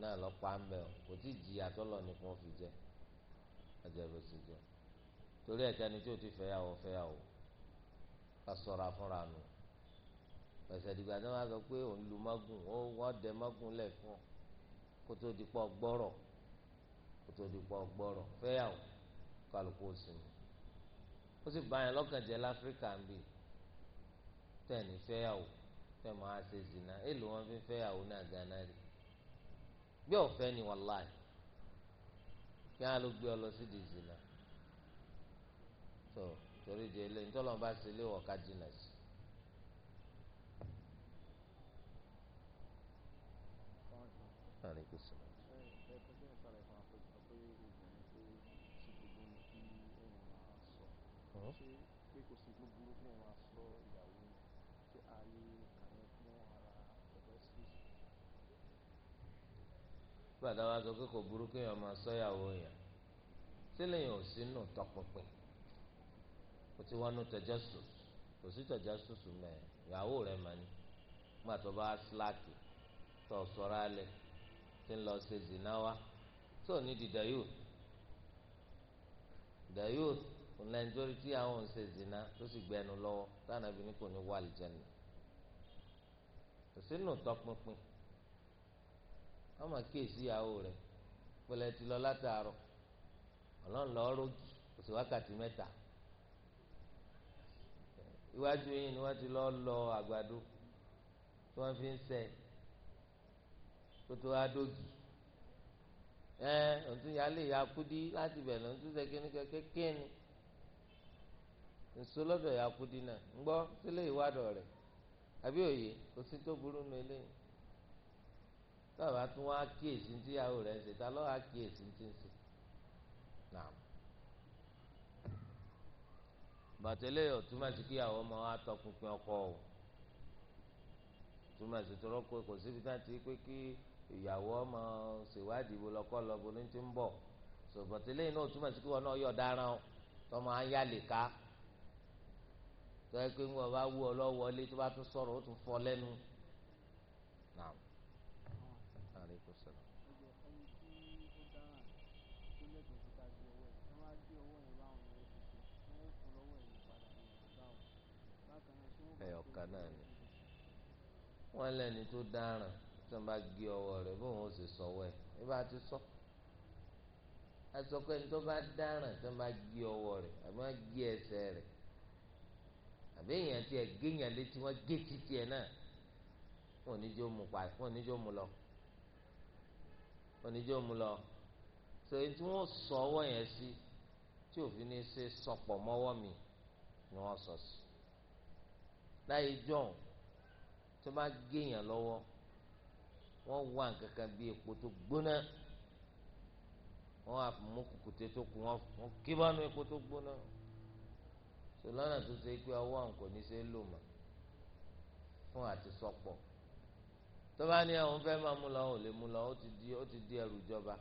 náà lọ pa ń bẹ ọ kò tí ì jìyà tọlọ ní kí fi jẹ ẹjẹ ló jẹ torí ẹ̀ka ni tí o ti fẹ́yàwó fẹ́yàwó ká sọ̀rọ̀ afúnra nù pẹ̀sẹ̀ tí wọ́n sọ pé òun lu magun wọ́n dẹ magun lẹ̀ fún ọ kó tó di pọ̀ gbọ́rọ̀ kó tó di pọ̀ gbọ́rọ̀ fẹ́yàwó kálukú ó sinmi ó sì bá yẹn lọ́kàn láfíríkà ń bì tẹ̀ ní fẹ́yàwó tẹ̀ mọ́ àṣẹ zina èlò wọn fi fẹ́yàwó náà gánà rí bí ọ̀fẹ́ ni wàláì kí á ló gbé ọ lọ sí di zina tó torí di eléyìí ntọ́lọ́n bá ṣe lé wọ̀ká jìnnà sí. sí gbogbo fún gbàdá wa sọ pé kò burú kéèyàn máa sọ́yàwó yẹn sílẹ̀ yẹn ò sínú tọpinpin kò ti wọnú tajassus kò sí tajassus mẹ́ ìyàwó rẹ̀ mà ní gbà tó bá síláàkì tó sọ̀rọ̀ alẹ̀ tí ń lọ ṣe zìnáwá tó ní di dayúr dayúr kò náà nítorí tí àwọn ń ṣe zìná tó sì gbẹnu lọ́wọ́ táwọn abìnrin kò ní wà lìjẹ́ nù kò sínú tọpinpin. wọ́n máa kíyèsí ìyàwó rẹ̀ pẹ̀lẹ́ ti lọ látàárọ̀ ọlọ́run lọ rógì oṣù wákàtí mẹ́ta iwájú yìí ni ti lọ lọ àgbàdo tí wọ́n fi ń sẹ́ kótó adógì ẹ ọ̀tún yà lè láti bẹ̀rẹ̀ ọ̀tún kékeré ni náà ń gbọ́ sílé ìwádọ̀ rẹ̀ àbí òye kò sí tó tọ́ọ̀bá tún wá kíyèsí tí ìyàwó rẹ̀ ń ṣe ta lọ́wọ́ kíyèsí tí ń ṣe naam bàtẹ́lẹ̀ yóò túmọ̀ sí kí ìyàwó ọmọ wa tọpinpin ọkọ o túmọ̀ sí tọrọ pé kò síbi tá ti pé kí ìyàwó ọmọ ṣèwádìí wo lọ́kọ́ lọ́gbọ́ ní ti ń bọ̀ so bàtẹ́lẹ̀ yìí náà túmọ̀ sí kí wọn náà yọ̀ ọ̀daràn o tọmọ ayá lè ká tọ́ ẹ pé ń wọ́n bá wú ọ lọ́wọ́ ilé tó bá tún sọ̀rọ̀ ó tún fọ́ lẹ́nu. ẹyọkan náà ni wọn lẹni tó dáràn tó ń bá gé ọwọ́ rẹ̀ bóun ó sì sọwọ ẹ ẹ bá ti sọ ẹ sọ pé ẹni tó bá dáràn tó ń bá gé ọwọ́ rẹ̀ àbí wọn gé ẹsẹ̀ rẹ̀ àbí èèyàn tí ẹ géèyàn létí wọn gé títí ẹ náà wọn ò ní jó mu pa wọn ò ní jó mu lọ wọn mu lọ so èyí tí wọn sọ ọwọ́ yẹn sí tí òfin ní í sọpọ mọ́wọ́ mi ni wọn sọ sí láyé jọ̀hún tó bá géèyàn lọ́wọ́ wọ́n wá nǹkan kan bí epo tó gbóná wọ́n á mú kùkùté tó kù wọ́n ké bá nu epo tó gbóná tó lọ́nà tó ṣe pé ọwọ́ àwọn kò ní ṣe é lò mọ́ fún àti sọpọ̀ tó bá ní àwọn fẹ́ máa mú lọ ò lè mú lọ ó ti di ó ti di ẹrù ìjọba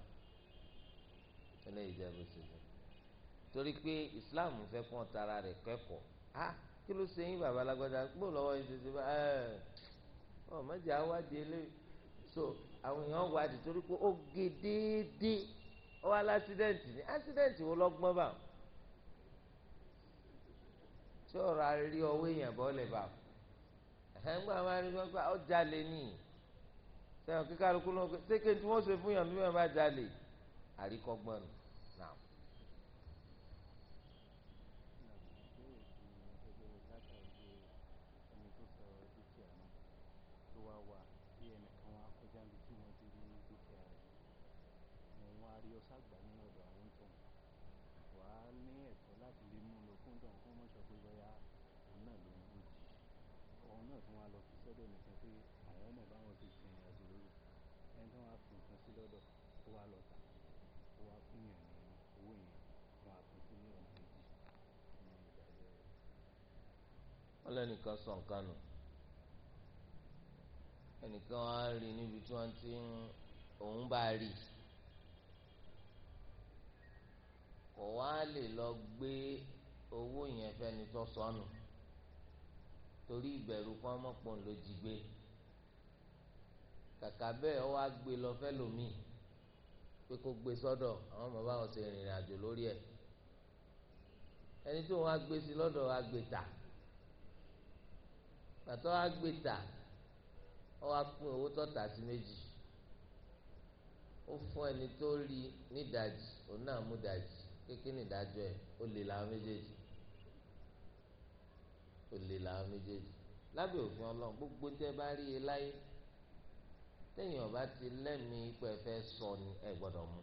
ẹlẹ́yìí jẹ́ bó ṣe jẹ́ torí pé Islam fẹ́ kún ọ̀tara rẹ̀ kẹ́kọ̀ọ́ ah kí ló ṣe yín bàbá alágbádá gbó lọ́wọ́ yín ṣoṣo bá ẹ ọ mọ̀jẹ̀ awádìí eléyìí so àwọn èèyàn wádìí torí pé ó gé déédéé ó wá lásídẹ̀ǹtì ní ásídẹ̀ǹtì wo lọ́gbọ́n bá tí ọ̀rọ̀ arí ọwọ́ èèyàn bọ́ lẹ̀ bá ẹ̀ ń gbà máa rí wọn pé ó jalè ní sẹ́wọ̀n kíkà lóko lóko ṣé kí n tí wọ́n ṣe fún yàn bí wọ́n bá jalè àríkọ́gbọ́n ni. wá fi nǹkan sí lọ́dọ̀ ó wá lọ tà wá fún yàn ní owó yẹn wọn á fún sí ní ọ̀nà méjì ní ìdájọ́ rẹ̀. wọ́n lẹ́nìkan sọ nǹkan nù ẹnìkan wá rí níbi tí wọ́n ti ń òun bá rí kò wá lè lọ gbé owó yẹn fẹ́ni tó sọnù torí ìbẹ̀rù kan mọ̀pọ̀ ló jí gbé kàkà bẹ́ẹ̀ ọ wá gbé lọ fẹ́ lomi pé kó gbé sọ́dọ̀ àwọn ọmọ bá wọn ṣe ìrìn àjò lórí ẹ̀ ẹni tí wọ́n á gbé sí lọ́dọ̀ á gbé tà pàtó á gbé tà ọ wá pín owó tọ́ta sí méjì ó fún ẹni tó rí nídajì òun náà mú dajì kékeré nídàjọ ẹ̀ ó lè làwọn méjèèjì ó lè làwọn méjèèjì lábẹ́ òfin ọlọ́run gbogbo tẹ́ bá rí e láyé téèyàn bá ti lẹ́mìí pé ẹ fẹ́ sọ ni ẹ gbọ́dọ̀ mú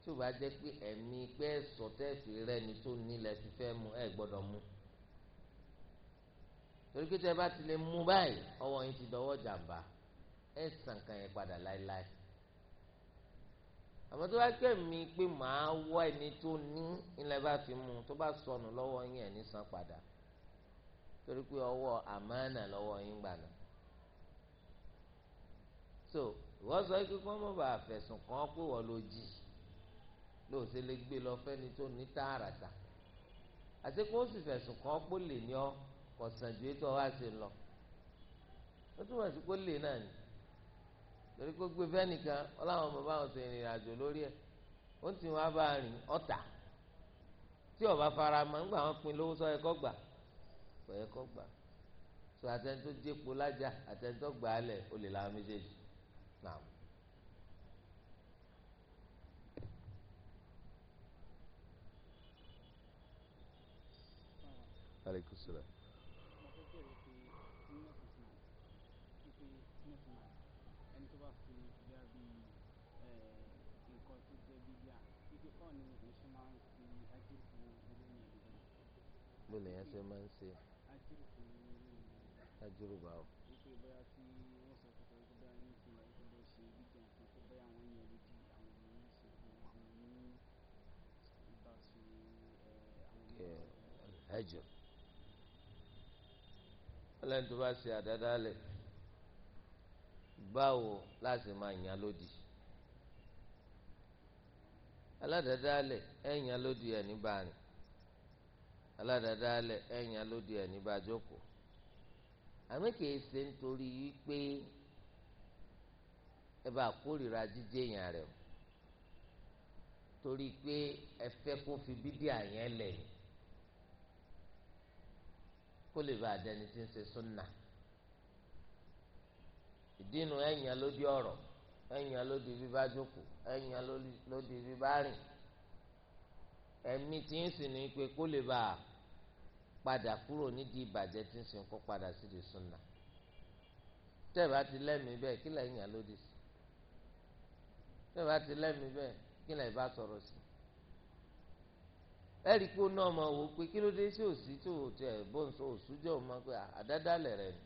tí o bá jẹ́ pé ẹ̀mí pé ẹ̀sọ́ tẹ́ẹ̀fì rẹ ni tó nílẹ̀ ti fẹ́ mu ẹ gbọ́dọ̀ mú torí pé tẹ bá ti lè mú báyìí ọwọ́ yín ti dọwọ́ jàǹbá ẹ sàn kàn yẹn padà láéláé àmọ́ tó bá pẹ́ mi pé màá wọ ẹni tó ní ilẹ̀ bá fi mu tó bá sọnù lọ́wọ́ yín ẹ̀ ní san padà torí pé ọwọ́ àmánà lọ́wọ́ yín gbà so wọ́n sọ pé kí wọ́n bá fẹ̀sùn kàn pé wọ́n ló jì lóòsè lè gbé lọ fẹ́ni tó ní tààràtà àti kó o sì fẹ̀sùn kàn pé lè ní ọ kò sàn ju ètò ọ̀há ṣe lọ ó túmọ̀ sí pé lè náà ni torí kó gbé fẹ́nìkan ọláwọn bàbá àwọn tó ìrìn àjò lórí ẹ̀ ó ti wọn bá rìn ọ̀tà tí ọba fara mọ́ nígbà wọn pin lówó sọ ẹ̀kọ́ gbà ẹ̀kọ́ gbà so àtẹnudó dépò lájà àtẹnudó gbà á lẹ̀ ó lè làwọn méjèèjì. Naam. Aleykum salaam. ẹni tó bá fi bíi ajr ọlọ́run tó bá ṣe àdáadáa lẹ̀ báwo láti máa yàn lódì aládàáda lẹ̀ ẹ̀yàn lódì ẹ̀ ní báàrin aládàáda lẹ̀ ẹ̀yàn lódì ẹ̀ ní bájókòó àmì kìí ṣe nítorí wípé ẹ bá kórìíra torí pé ẹ fi kó lè bá àdẹni tí ń ṣe súnà ìdínú ẹ̀yàn ló di ọ̀rọ̀ ẹ̀yàn ló di bíbá jókòó ẹ̀yàn ló di bíbá rìn ẹ̀mí tí ń sìn ní pé kó lè bá padà kúrò nídìí ìbàjẹ́ tí ń sìn kó padà sí di súnà tẹ́ẹ̀bá ti lẹ́mìí bẹ́ẹ̀ kí lẹ́yìn ló sí tẹ́ẹ̀bá ti lẹ́mìí bẹ́ẹ̀ kí lẹ́yìn bá sọ̀rọ̀ sí ẹ̀rí pé ó náà máa wò ó pé kí ló dé sí òsì tó tẹ bọ́n sọ òsújọ́ ò máa pé àdádálẹ̀ rẹ̀ ni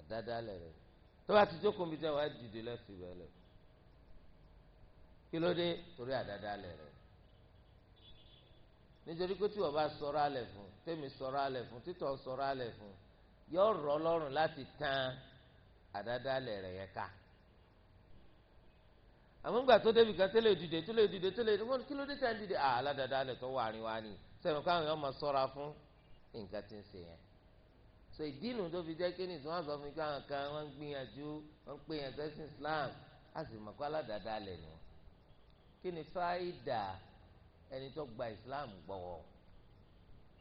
àdádálẹ̀ rẹ̀ ni tó bá ti jókòó mi tẹ́ wàá dìde lẹ́sìn ìbẹ̀lẹ̀ kí ló dé torí àdádálẹ̀ rẹ̀ nítorí pé tí wọ́n bá sọ̀rọ̀ alẹ̀ fún tèmi sọ̀rọ̀ alẹ̀ fún títọ́ sọ̀rọ̀ alẹ̀ fún yóò rọ̀ ọlọ́run láti tán àdádálẹ̀ rẹ̀ yẹn ká àmọ́ ńgbà tó débi kan tẹ́lẹ̀ dìde tẹ́lẹ̀ dìde tẹ́lẹ̀ dìde wọ́n kí ló dé tẹ́ ń dìde à aládàáda alẹ̀ tó wà wa ni sẹ́mi káwọn èèyàn máa sọ́ra fún nǹkan tí ń ṣe yẹn. so ìdínú tó fi jẹ́ kéènì tí wọ́n sọ fún káwọn kan wọ́n ń gbìyànjú wọ́n ń pè yàn sẹ́sìn Islam á sì mọ̀ pé aládàáda alẹ̀ ni wọ́n. kí ni fáìdà ẹni tó gba Islam gbọ́wọ́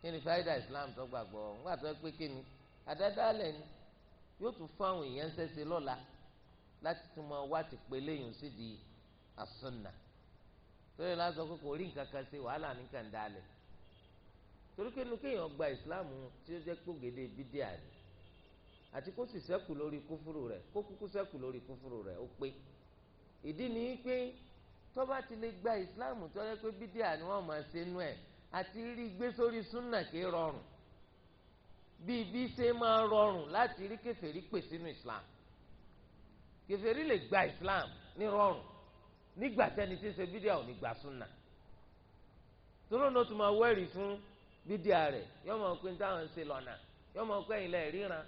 kí ni fáìdà Islam tó gbà gbọ́wọ́ ńgbà tó pé kí ni àdáda alẹ̀ ni yóò asúnà torí lásán kó kò rí nǹkan kan ṣe wàhálà nìkan dalẹ̀ torí pé inú kéèyàn gba islam tí ó jẹ́ gbògede bídíà ni àti kó sì sẹ́kù lórí kúfúrú rẹ̀ kó kúkú sẹ́kù lórí kúfúrú rẹ̀ ó pé ìdí ni pé tọ́ba ti lè gba islam tó yẹ pé bídíà ni wọ́n máa ṣe nú ẹ̀ àti rí gbé sórí súnà kì í rọrùn bí ibi ṣe máa rọrùn láti rí kèfèrí pè sínú islam kèfèrí lè gba islam ní rọrùn nígbà tẹni tí ń ṣe bídíà ò ní gbà súnà tóró náà tún máa wẹ́rì fún bídíà rẹ̀ yọ máa pé táwọn ń ṣe lọ́nà yọ máa pé ẹ̀yìn lẹ̀ ríran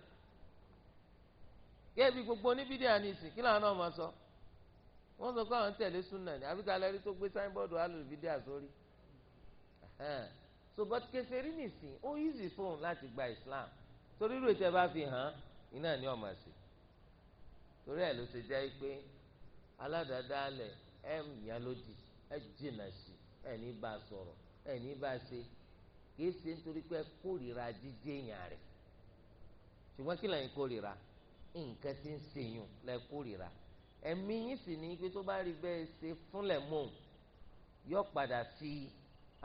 kẹ́ẹ̀bí gbogbo ní bídíà ní ìsìn kí làwọn náà máa sọ wọ́n sọ pé tẹ̀lé súnà ní àbíkà alẹ́rí tó gbé sáínbọ́ọ̀dù alù bídíà sórí so but kẹsẹ̀rí ní ìsìn ó easy fóun láti gba Islam torí ìlú ìtẹ́ bá fi hàn iná ni ọ̀ máa ṣe torí ẹ yàn lódì ẹ jìnnà sí ẹ ní bá a sọ̀rọ̀ ẹ ní bá a ṣe kìí ṣe nítorí pé kórìíra jíjẹ èèyàn rẹ̀ ṣùgbọ́n kí lẹ́yìn kórìíra nǹkan tí ń ṣèyàn lẹ kórìíra ẹ̀mí yín sì ní pé tó bá rí bẹ́ẹ̀ ṣe fúnlẹ̀ mọ́ yọ padà sí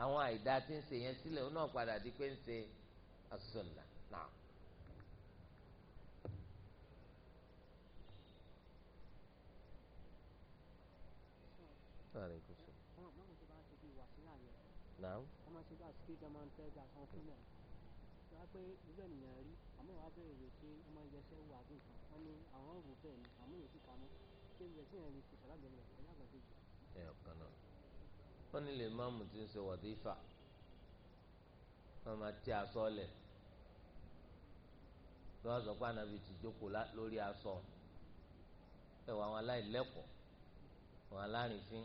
àwọn àìdá tí ń ṣe sílẹ̀ ó náà padà di pé ń ṣe àṣùnà aleykum salaam. báwọn báwọn tó bá ṣe bí wàsílà yẹn. náà. wọ́n máa ṣe bá ṣe jama fẹ́ gba san fún náà. wọ́n á pé irú ènìyàn rí àmọ́ wàá bẹ̀rẹ̀ rè pé wọ́n máa wà bí nǹkan wọ́n ní àwọn rò bẹ́ẹ̀ ni àmọ́ yòókù kà mọ́ pé ìrẹ̀ sí ẹ̀rín kò sàlágbẹ̀ rẹ̀ pẹ̀lú àgbàdejì. ẹ ọ̀kan náà wọ́n ní lè má mú ti ń ṣe wàdífà wọ́n máa ti aṣọ lẹ̀ lọ́wọ́ sọ pé ànábì ti jókòó lórí aṣọ ẹ̀ wọ àwọn aláìlẹ́kọ̀ọ́ àwọn alárìnfín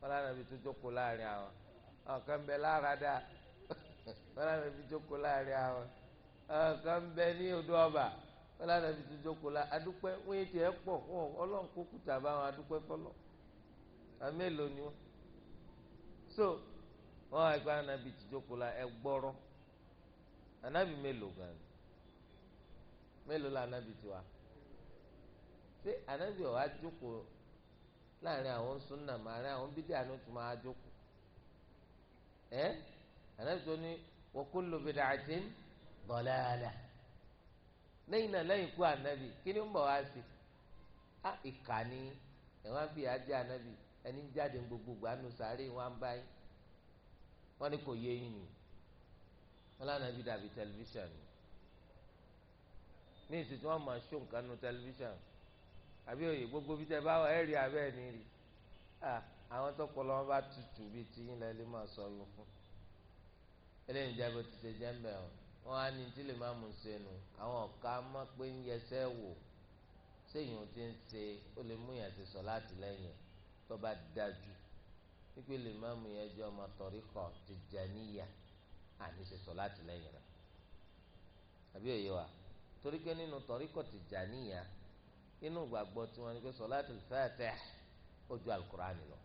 wọn lànà bí tó láàrin àwọn àwọn kan bẹ lára dá àwọn bẹ ní odò ọba wọn bí tó láàrin adúpẹ́ wọn yé tiẹ̀ pọ̀ wọn ọlọ́run kó kùtà ni wọn so wọn àgbà ànàbì tó jokola ẹ mélòó gan mélòó la tiwa ṣé ọ̀ láàrin àwọn súnà màárín àwọn bídí àná tó máa jókòó ẹ ànábì tó ní wa kullu bid'atin dalalah lẹ́yìn náà lẹ́yìn ikú ànábì kí ni ń bọ̀ wá sí a ìkànnì ẹ̀wọ̀n àbí ajé ànábì ẹni jáde gbogbogbò àánú sàárè wọn bá yín wọn ni kò yé yín ni wọn lánàá bí dàbí tẹlifíṣàn ní ìsìn tí wọn máa ṣó nǹkan nu tẹlifíṣàn àbí òye gbogbo bí tẹ bá wà ẹ rí abẹ ní rí àwọn tó pọ̀ lọ́wọ́ bá tutù bíi tiyín lẹ́lẹ́ máa sọ yìí fún eléyìí jẹ́ bó ti ṣe jẹ́ mbẹ́ o wọ́n á ní tí lè má mú un ṣe nù àwọn ọ̀ka mọ́ pé ń yẹsẹ́ wò séyìn tí ń ṣe ó lè mú yàn ṣe sọ láti lẹ́yìn tó bá dájú wípé lè má mú yẹn jẹ́ ọmọ tọ̀ríkọ̀ Tìjàníyà àní ṣe sọ láti lẹ́yìn rẹ̀ àbí òye wa torí pé nínú tọ̀ríkọ̀ Tìjàníyà inú gbàgbọ́ tí wọ́n ní pé sọláàtì fẹ́ẹ̀tẹ̀ ojú alukur'ani lọ.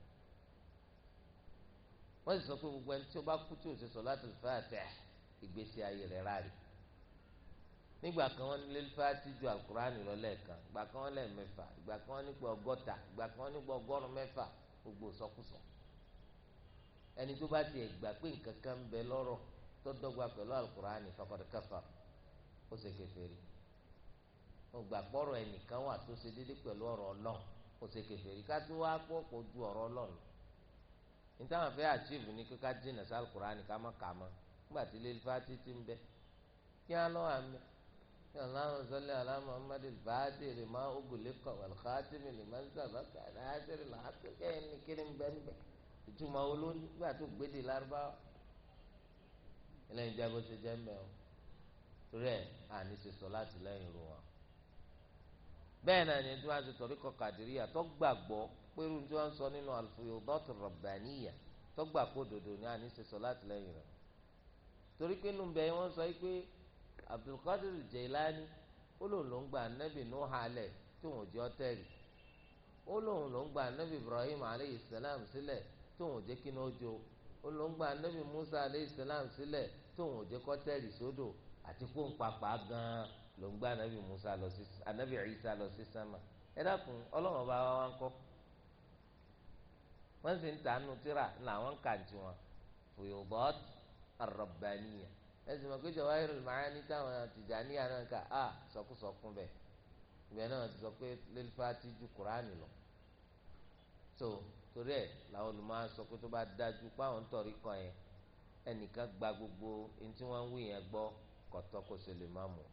wọ́n sì sọ pé gbogbo ẹni tí ó bá kú tí ò ṣe sọláàtì fẹ́ẹ̀tẹ̀ ìgbésí ayé rẹ̀ ráàlì. nígbà kan wọ́n nílé fẹ́ẹ̀tì ju alukur'ani lọ lẹ́ẹ̀kan ìgbà kan wọ́n lẹ́ẹ̀ mẹ́fà ìgbà kan wọ́n nípa ọgọ́ta ìgbà kan wọ́n nípa ọgọ́rùn mẹ́fà gbogbo sọkúsọ. ẹni tó bá tiẹ̀ gbà pé nǹkan kan ń bẹ lọ́rọ̀ tó dọ́gba pẹ̀lú alukur'ani fakọ̀dé kẹfà ó ṣe kèfèrí ògbàgbọ́rọ̀ ẹnìkan wà tó ṣe déédéé pẹ̀lú ọ̀rọ̀ ọlọ́run kò ṣe kèfèrí ká tó wá pọ̀ pọ̀ ju ọ̀rọ̀ ọlọ́run ní táwọn fẹ́ àchíìfù ní kíká jìnnà sí Al-Kùránì ká má kà á mọ́ nígbà tí lẹ́lifá títí ń bẹ kí á lọ́ àmì kí aláwọ̀ sọ́lẹ̀ aláwọ̀ ọmọdé bàádé rè má ogolè kọ̀ wàlúkàtìmì má sábà kàdá àṣírí làásì tó gbéde lárúbáwá bẹ́ẹ̀ náà ni tí wọ́n á ti tọ̀rí kọ kàdíríyà tó gbàgbọ́ pẹ̀lú tí wọ́n sọ nínú al-fuyudat ar-rabbaniyya tó gbà kó dòdò ní àní ṣe sọ̀láàtì lẹ́yìn rẹ̀ torí pé nù bẹ́ẹ̀ wọ́n sọ pé Abdulkadir Jailani ó lòun ló ń gba anabi Nuh alẹ̀ tó wọn jẹ́ ọ́tẹ́rì ó lòun ló ń gba anabi Ibrahim aleyhi salam sílẹ̀ tó wọn jẹ́ kíná ojo ó lòun gba anabi Musa aleyhi salam sílẹ̀ tó wọn jẹ́ kọ́tẹ́rì sódò àti kó ń gan-an ló ń gbá anabi musa lọ sí anabi isa lọ sí sámà ẹ dákun ọlọ́run bá wa ń kọ́ wọ́n sì ń ta nù tíra làwọn ń kà ju wọn fòyòbọ́t arọ̀bàníyà ẹ sì mọ̀ pé jọ̀wọ́ ayélu màá ní táwọn tìjàníyà náà kà á sọkúsọkún bẹ̀ ìgbẹ́ náà ti sọ pé lẹ́lifá ti ju kuraani lọ so torí ẹ̀ làwọn olùmọ̀ sọ pé tó bá dájú pé àwọn ń tọ̀rí kan yẹn ẹnìkan gba gbogbo ẹni tí wọ́n ń wí yẹn gbọ́ kọ̀tọ́ kó ṣe lè má mú un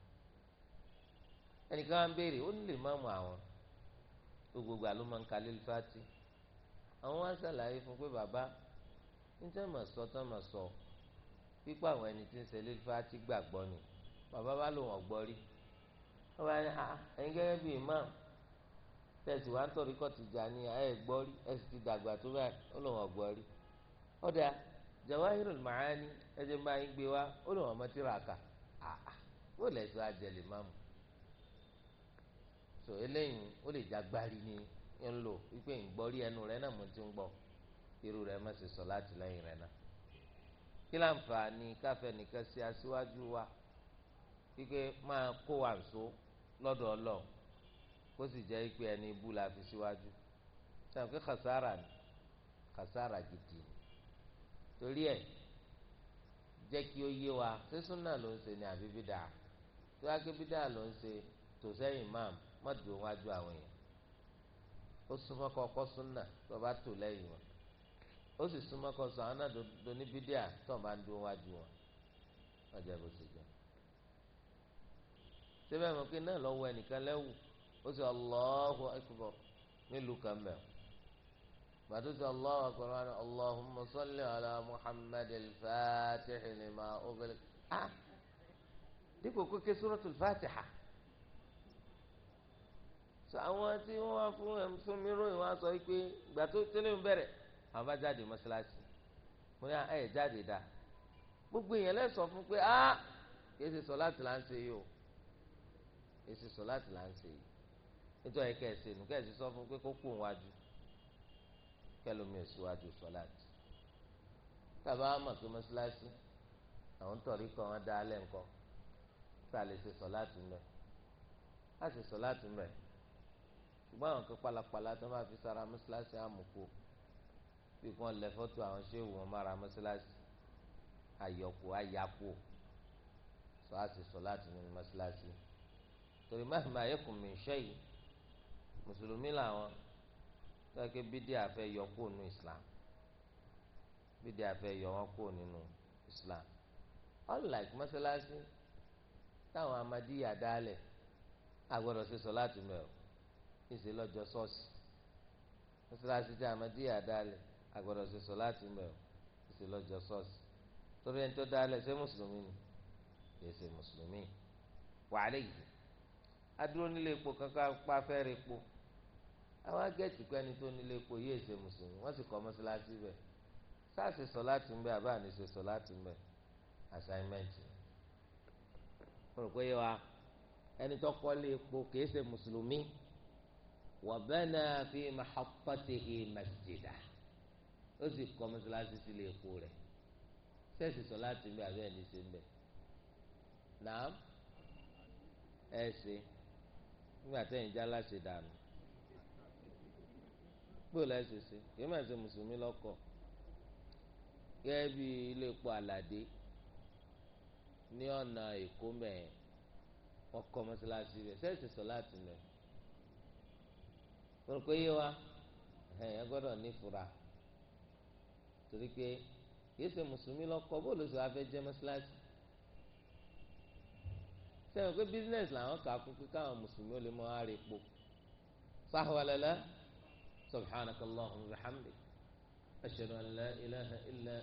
ẹnìkan wá ń béèrè ó ní lè má mọ àwọn gbogbogbò àló máa ń ka lé fati àwọn wá ṣàlàyé fún pé bàbá níta mà sọ tá mà sọ pípa àwọn ẹni tí ń ṣe lé fati gbàgbọ́ ni bàbá bá lò wọ́n gbọ́ rí wọ́n bá ní ẹ̀yin gẹ́gẹ́ bíi imam tẹ̀sí wa ń tọ̀rí kọ́ ti jà ní ẹ̀ gbọ́ rí ẹ̀ sì ti dàgbà tó báyìí ó lò wọ́n gbọ́ rí ọ̀dà Jawahirul Maani ẹ̀jẹ̀ máa ń gbé wa ó lò wọ́n mọ́ tíra kà á wọ́n lẹ̀ sọ àjẹlè máa mú so eléyìí ó lè jagbari ni ń lò wípé ìgbọ́rí ẹnu rẹ náà mo ti ń gbọ́ irú rẹ má ṣe sọ láti lẹ́yìn rẹ náà kí láǹfààní káfẹ́ nìkan ṣe aṣíwájú wa wípé máa kó wa nso lọ́dọ̀ ọlọ́run kó sì jẹ́ pé ẹni ibú la fi síwájú sàn pé kàsára ni kàsára gidi ni torí ẹ̀ jẹ́ kí ó yé wa ṣé súnà ló ń ṣe ni àbí bídà tó wá ló ń ṣe tòsẹ́yìn máàmù má dùn wájú àwọn èèyàn ó súnmọ́ kọ́ ọkọ́ súnà tó bá tò lẹ́yìn wọn ó sì súnmọ́ kọ́ sọ àwọn náà do ní bídíà tó bá ń dùn wájú wọn ọjà bó ṣe na síbẹ̀ mọ̀ pé náà lọ́wọ́ ẹnìkan lẹ́wù ó sì Allahu akbar nílùú kan mẹ́ so àwọn tí wọ́n wá fún ẹ̀mùsùnmí ròyìn wá sọ wípé ìgbà tó tẹ́lẹ̀ ń bẹ̀rẹ̀ àwọn bá jáde mọ́ṣáláṣí mo ní ẹ̀ jáde dá gbogbo èèyàn lẹ́sọ̀ fún pé á kìí ṣe sọ láti là ń ṣe yìí o kìí sọ láti là ń ṣe yìí nítorí ẹ̀ka ẹ̀sìn nù kẹ́ẹ̀sì sọ fún pé kó kú wájú kẹlòmí ẹ̀ síwájú sọ láti tàbá àmọ̀ pé mọ́ṣáláṣí àwọn tọ̀rí kan wọn dá alẹ́ nǹkan tá a lè ṣe sọ láti mẹ́ a ṣe sọ láti mẹ́ ṣùgbọ́n àwọn kan pàlàpàlà tó máa fi sara mọ́ṣáláṣí àmùkù bí wọ́n lẹ fọ́tò àwọn ṣéwù wọn mára mọ́ṣáláṣí àyọ̀kù àyàpò sọ á sì sọ láti nínú mọ́ṣáláṣí torí mahima ayẹ́kùn mi ṣẹ́ yìí mùsùlùmí làwọn tó yẹ kí bídí àfẹ́ yọ kó nínú Islam bídí àfẹ́ yọ wọn kó nínú Islam unlike mọ́ṣáláṣí táwọn amadíyà dálẹ̀ àgbọ̀dọ̀ ṣe sọ láti mẹ́rin ìṣe lọ́jọ́ sọ́ọ̀sì mọ́sálásí tí Ahmadiyya dálẹ̀ agbọ́dọ̀ ṣe sọ láti mẹ́ o ìṣe lọ́jọ́ sọ́ọ̀sì torí ẹni tó dálẹ̀ ṣé mùsùlùmí ni kìí ṣe mùsùlùmí wàhálẹ̀ yìí adúró nílé epo kankan pa fẹ́ẹ́rẹ́ epo àwọn agẹ́tì pé ẹni tó nílé epo yìí ṣe mùsùlùmí wọ́n sì kọ́ mọ́sálásí bẹ̀ sáà ṣe sọ láti mẹ́ àbá àní ṣe sọ láti mẹ́ assignment ni mo rò pé yẹ wa ẹni tó kọ́lé epo kìí ṣe mùsùlùmí wabana fi mahabbatihi masjida ó sì kọ́ mọ́sálásí sílé epo rẹ̀ sẹ́ẹ̀sì sọ láti ń bẹ abẹ́ ẹni ṣe ń bẹ náà ẹ ṣe nígbà tẹ́yìn já láṣẹ dànù gbọ́dọ̀ lẹ́sẹ̀ ṣe kí mọ̀ ṣe mùsùlùmí lọ́kọ̀ gẹ́gẹ́ bí ilé epo àlàdé ní ọ̀nà èkó mẹ́ẹ̀ wọ́n kọ́ mọ́sálásí rẹ̀ sẹ́ẹ̀sì sọ láti mẹ́ẹ̀. mo rò pé yé wa ẹ gbọ́dọ̀ nífura torí pé kìí ṣe mùsùlùmí lọ́kọ́ bó ló ṣe wá fẹ́ jẹ́ mọ́ṣáláṣí sẹ́wọ̀n pé bísínẹ́sì làwọn kà á kú pé káwọn mùsùlùmí ó lè mọ subhanaka allahumma wa bihamdik ashhadu an la ilaha illa